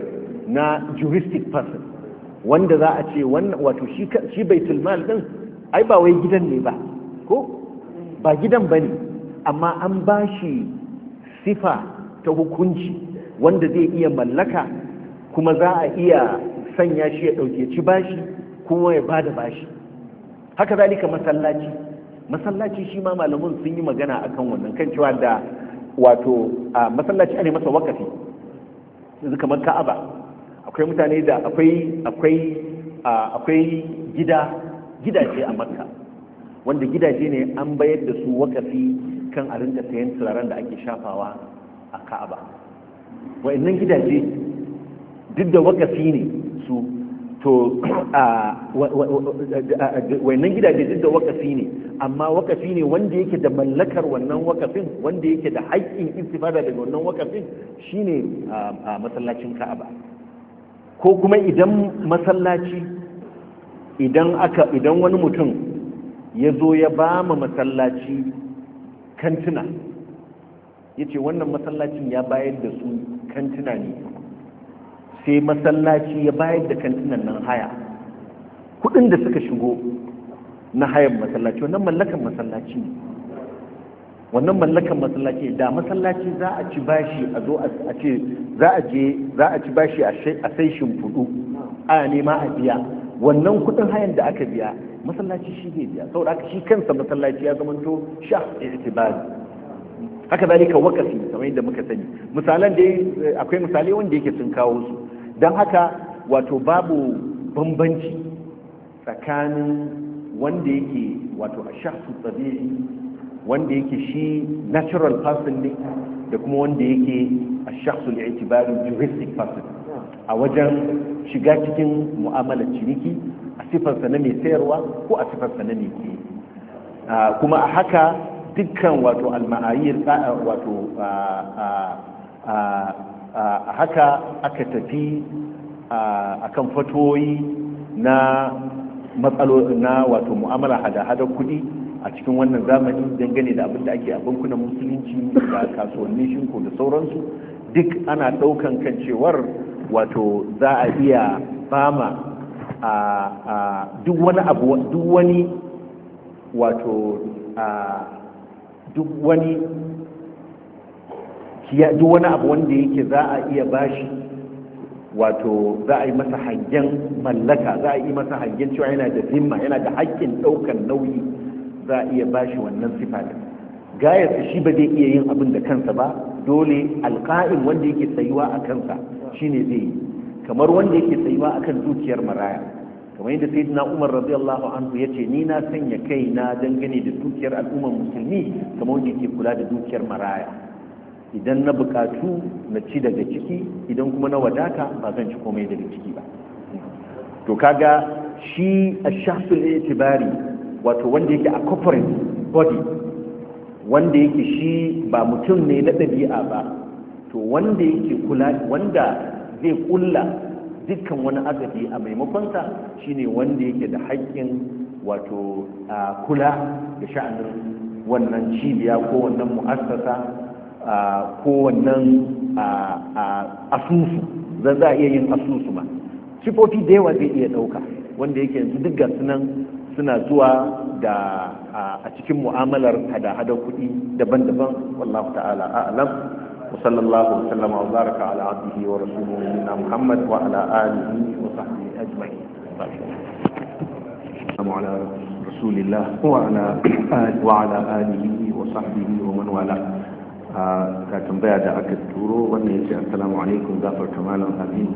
na juristic person wanda za a ce wannan wato shi shi baitul mal din ai ba wai gidan ne ba ko ba gidan bane amma an ba shi sifa ta hukunci wanda zai iya mallaka kuma za a iya sanya shi ya ɗauke ci bashi kuma ya bada bashi haka zalika masallaci masallaci shi ma malamin sun yi magana a kan wannan kan cewa da wato a masallaci ne masa wakafi yanzu kamar ka'aba akwai mutane da akwai akwai akwai gida gidaje a makka wanda gidaje ne an bayar da su wakafi kan a rinka sayan turaren da ake shafawa a ka'aba wa'annan gidaje duk da wakafi ne su to wa'annan gidaje duk da wakafi ne amma wakafi ne wanda yake da mallakar wannan wakafin wanda yake da haƙƙin istifada daga wannan wakafin shine masallacin ka'aba ko kuma idan masallaci idan aka idan wani mutum ya zo ya ba masallaci kantuna ya ce wannan masallacin ya bayar da su kantuna ne sai masallaci ya bayar da kantunan nan haya kudin da suka shigo na hayan masallaci wannan mallakan masallaci ne wannan mallakan masallaci da masallaci za a ci bashi a zo a ce za a je za a ci bashi a sai shimfudu a nema a biya wannan kudin hayan da aka biya masallaci shi ne biya saboda haka shi kansa masallaci ya to sha itibari haka zalika wakafi kamar yadda muka sani misalan da eh, akwai misali wanda yake sun kawo su don haka wato babu bambanci tsakanin wanda yake wato a shafi tsabiri wanda yake shi natural person ne da kuma wanda yake a shafi itibari juristic person a wajen shiga cikin mu'amalar ciniki a sifarsa na mai sayarwa ko a sifarsa na mai ke ah, kuma a haka dukkan wato alma'ayir ah, wato ah, a haka aka tafi a kan fatoyi na matsalo na wato mu'amala hada-hadar kuɗi a cikin wannan zamani dangane da abinda ake a bankunan musulunci da kasuwannin shinko da sauransu duk ana ɗaukan kan cewar wato za a iya fama a duk wani abu duk wani wato duk wani duk wani abu wanda yake za a iya bashi wato za a yi masa hangen mallaka za a yi masa hangen cewa yana da zimma yana da haƙƙin ɗaukar nauyi za a iya bashi wannan sifa gayarsa shi ba zai iya yin abin da kansa ba dole alƙa'in wanda yake tsayuwa a kansa shine zai yi kamar wanda yake tsayuwa kan dukiyar maraya kamar yadda na Umar radiyallahu anhu ya ce ni na sanya kai na dangane da dukiyar al'ummar musulmi kamar wanda yake kula da dukiyar maraya idan na bukatu na ci daga ciki idan kuma na wadata ba zan ci komai daga ciki ba to kaga shi a shahsul itibari wato wanda yake a corporate body wanda yake shi ba mutum ne na ɗabi'a ba to wanda yake kula wanda zai kulla dukkan wani agaji a maimakonsa shine wanda yake da haƙƙin wato kula da sha'anin wannan cibiya ko wannan mu'assasa ko wannan asusu zan za a iya yin asusu ma sifofi da yawa zai iya ɗauka wanda yake yanzu duk gasu nan. suna zuwa da a cikin mu'amalar hada-hadar kuɗi daban-daban wallahu ta'ala a'lam wa sallallahu sallama wa baraka ala abdihi wa rasulihi na muhammad wa ala alihi wa sahbihi ajma'in assalamu ala rasulillah wa ala wa ala alihi wa sahbihi wa man wala ka tambaya da aka turo wannan yace assalamu alaikum zafar kamalan amin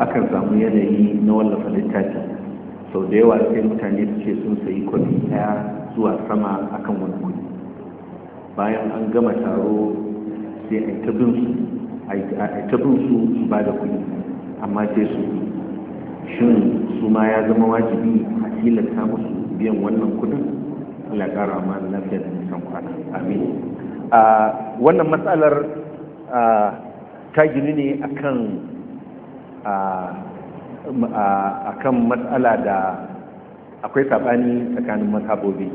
akan samu yanayi na wallafa littafi sau da yawa sai mutane su ce sun sayi kwafi daya zuwa sama akan wani kudi bayan an gama taro sai a ta bin su ba da kudi amma sai su shin su ma ya zama wajibi a tilasta musu biyan wannan kudin Allah kara ma lafiya da nisan kwana amin wannan matsalar ta gini ne akan a kan matsala da akwai saɓani tsakanin mazhabobi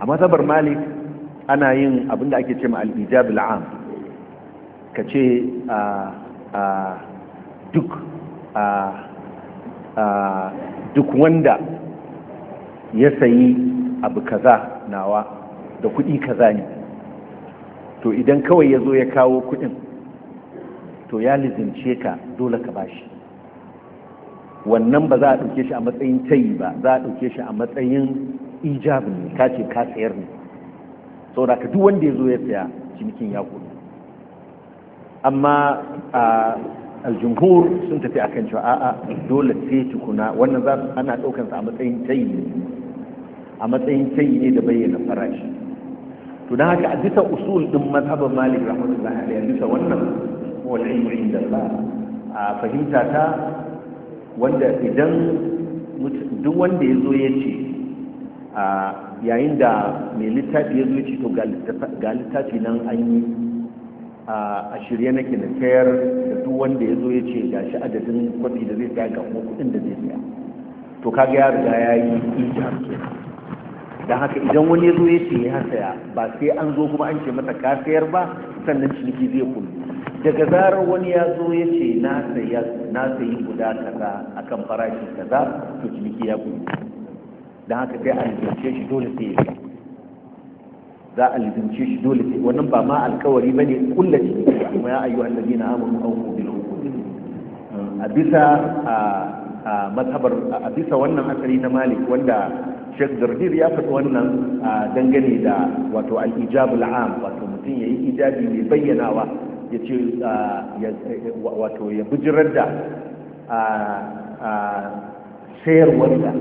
a mazhabar malik ana yin abinda ake ce ma al'ijab ka ce duk duk wanda ya sayi abu kaza nawa da kuɗi kaza ne to idan kawai ya zo ya kawo kuɗin to ya lizince ka dole ka bashi wannan ba za a ɗauke shi a matsayin tayi ba za a ɗauke shi a matsayin ijab ne ka ce ka tsayar ne saboda ka duk wanda ya zo ya saya cinikin ya kudu amma a aljumhur sun tafi akan cewa a'a dole sai tukuna wannan za su ana ɗaukansa a matsayin tayi ne a matsayin tayi ne da bayyana farashi to don haka a bisa usul din mazhabin malik rahmatullahi alaihi bisa wannan wal ilmu inda Allah a fahimta ta wanda idan duk wanda ya zo ya ce yayin da mai littafi ya zo ce to ga littafi nan an yi a shirye na ke na tayar da duk wanda ya zo ya ce ga shi adadin kwafi da zai tsaya ga kuma kudin da zai tsaya to kaga ya riga ya yi ijar don haka idan wani ya zo ya ce ya saya ba sai an zo kuma an ce masa ka sayar ba sannan ciniki zai kullu daga zarar wani ya zo ya ce na sayi guda kaza a kan farashi kaza to ciniki ya gudu don haka sai a lizince shi dole sai ya za a lizince shi dole sai wannan ba ma alkawari ba ne kulla ciniki kuma ya ayyu allazi na amuru an kubil a bisa a matsabar a bisa wannan asali na malik wanda Sheikh Dardir ya faɗi wannan dangane da wato al-ijabul am wato mutum ya yi ijabi mai bayyanawa ya ce wato ya bijirar da sayarwarsa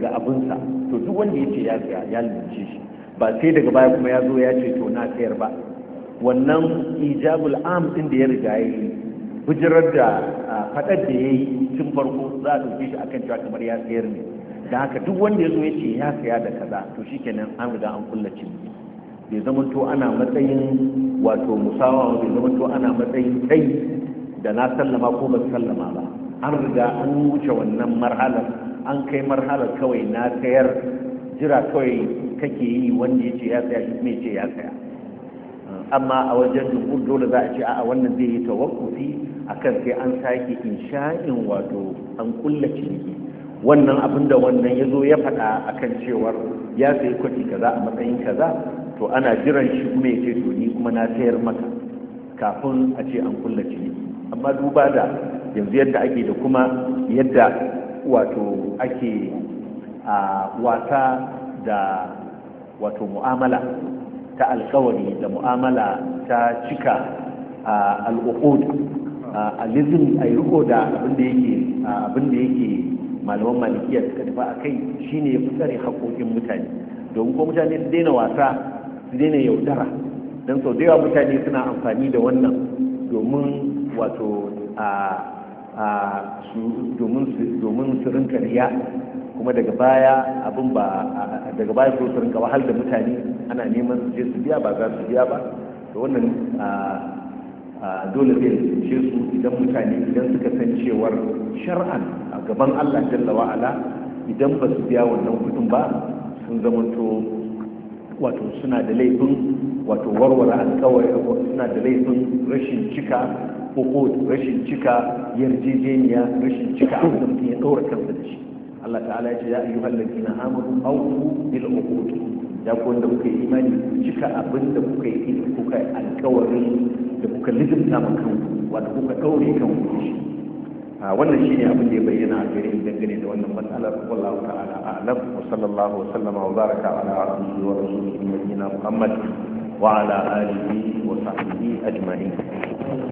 ga abinsa to duk wanda ya ce ya saya ya lalace shi ba sai daga baya kuma ya zo ya ce to na sayar ba wannan ijabul am din da ya riga ya yi bijirar da faɗar da ya yi tun farko za a ɗauke shi akan cewa kamar ya sayar ne da haka duk wanda ya zo ya ce ya saya da kaza to shikenan an riga an kulla ciniki bai to ana matsayin wato musawa bai zamanto ana matsayin kai da na sallama ko ba sallama ba an riga an wuce wannan marhalar an kai marhalar kawai na sayar jira kawai kake yi wanda ya ce ya tsaya shi mai ce ya tsaya amma a wajen jumhur dole za a ce a wannan zai yi tawakkufi akan sai an sake insha'in wato an kulla ciniki wannan abin da wannan ya zo ya faɗa akan cewar ya sayi kwafi kaza a matsayin kaza to ana jiran shi kuma ya to ni kuma na sayar maka kafin a ce an kulla ciki amma duba da yanzu yadda ake da kuma yadda wato ake a wasa da wato mu'amala ta alkawari da mu'amala ta cika al'uqud alizm a yi riko da abinda yake abinda yake malaman malikiyar suka tafi a kai shine ya fi tsare haƙoƙin mutane domin ko mutane su daina wasa su daina yaudara don sau da yawa mutane suna amfani da wannan domin wato a su domin su rinka riya kuma daga baya abin ba daga baya su rinka wahal da mutane ana neman su je su biya ba za su biya ba to wannan dole zai ce su idan mutane idan suka san cewar shar'an a gaban Allah jalla wa'ala idan ba su biya wannan kudin ba sun to wato suna da laifin wato warware alkawari suna da laifin rashin cika hukud rashin cika yarjejeniya rashin cika abin da mutum ya ɗora kansa da shi Allah ta'ala ya ce ya ayyuha allazina amanu awfu bil uqud ya ku wanda kuka yi imani ku cika abin da kuka yi kuka alkawarin da kuka lizimta ma kanku wato kuka ɗaure kanku da shi A wannan shi ne abin da ya bayyana a gare ni dangane da wannan matsalar wallahu ta'ala a'lam wa sallallahu wa sallama wa baraka ala abdihi wa rasulihi nabiyina muhammad wa ala alihi wa sahbihi ajma'in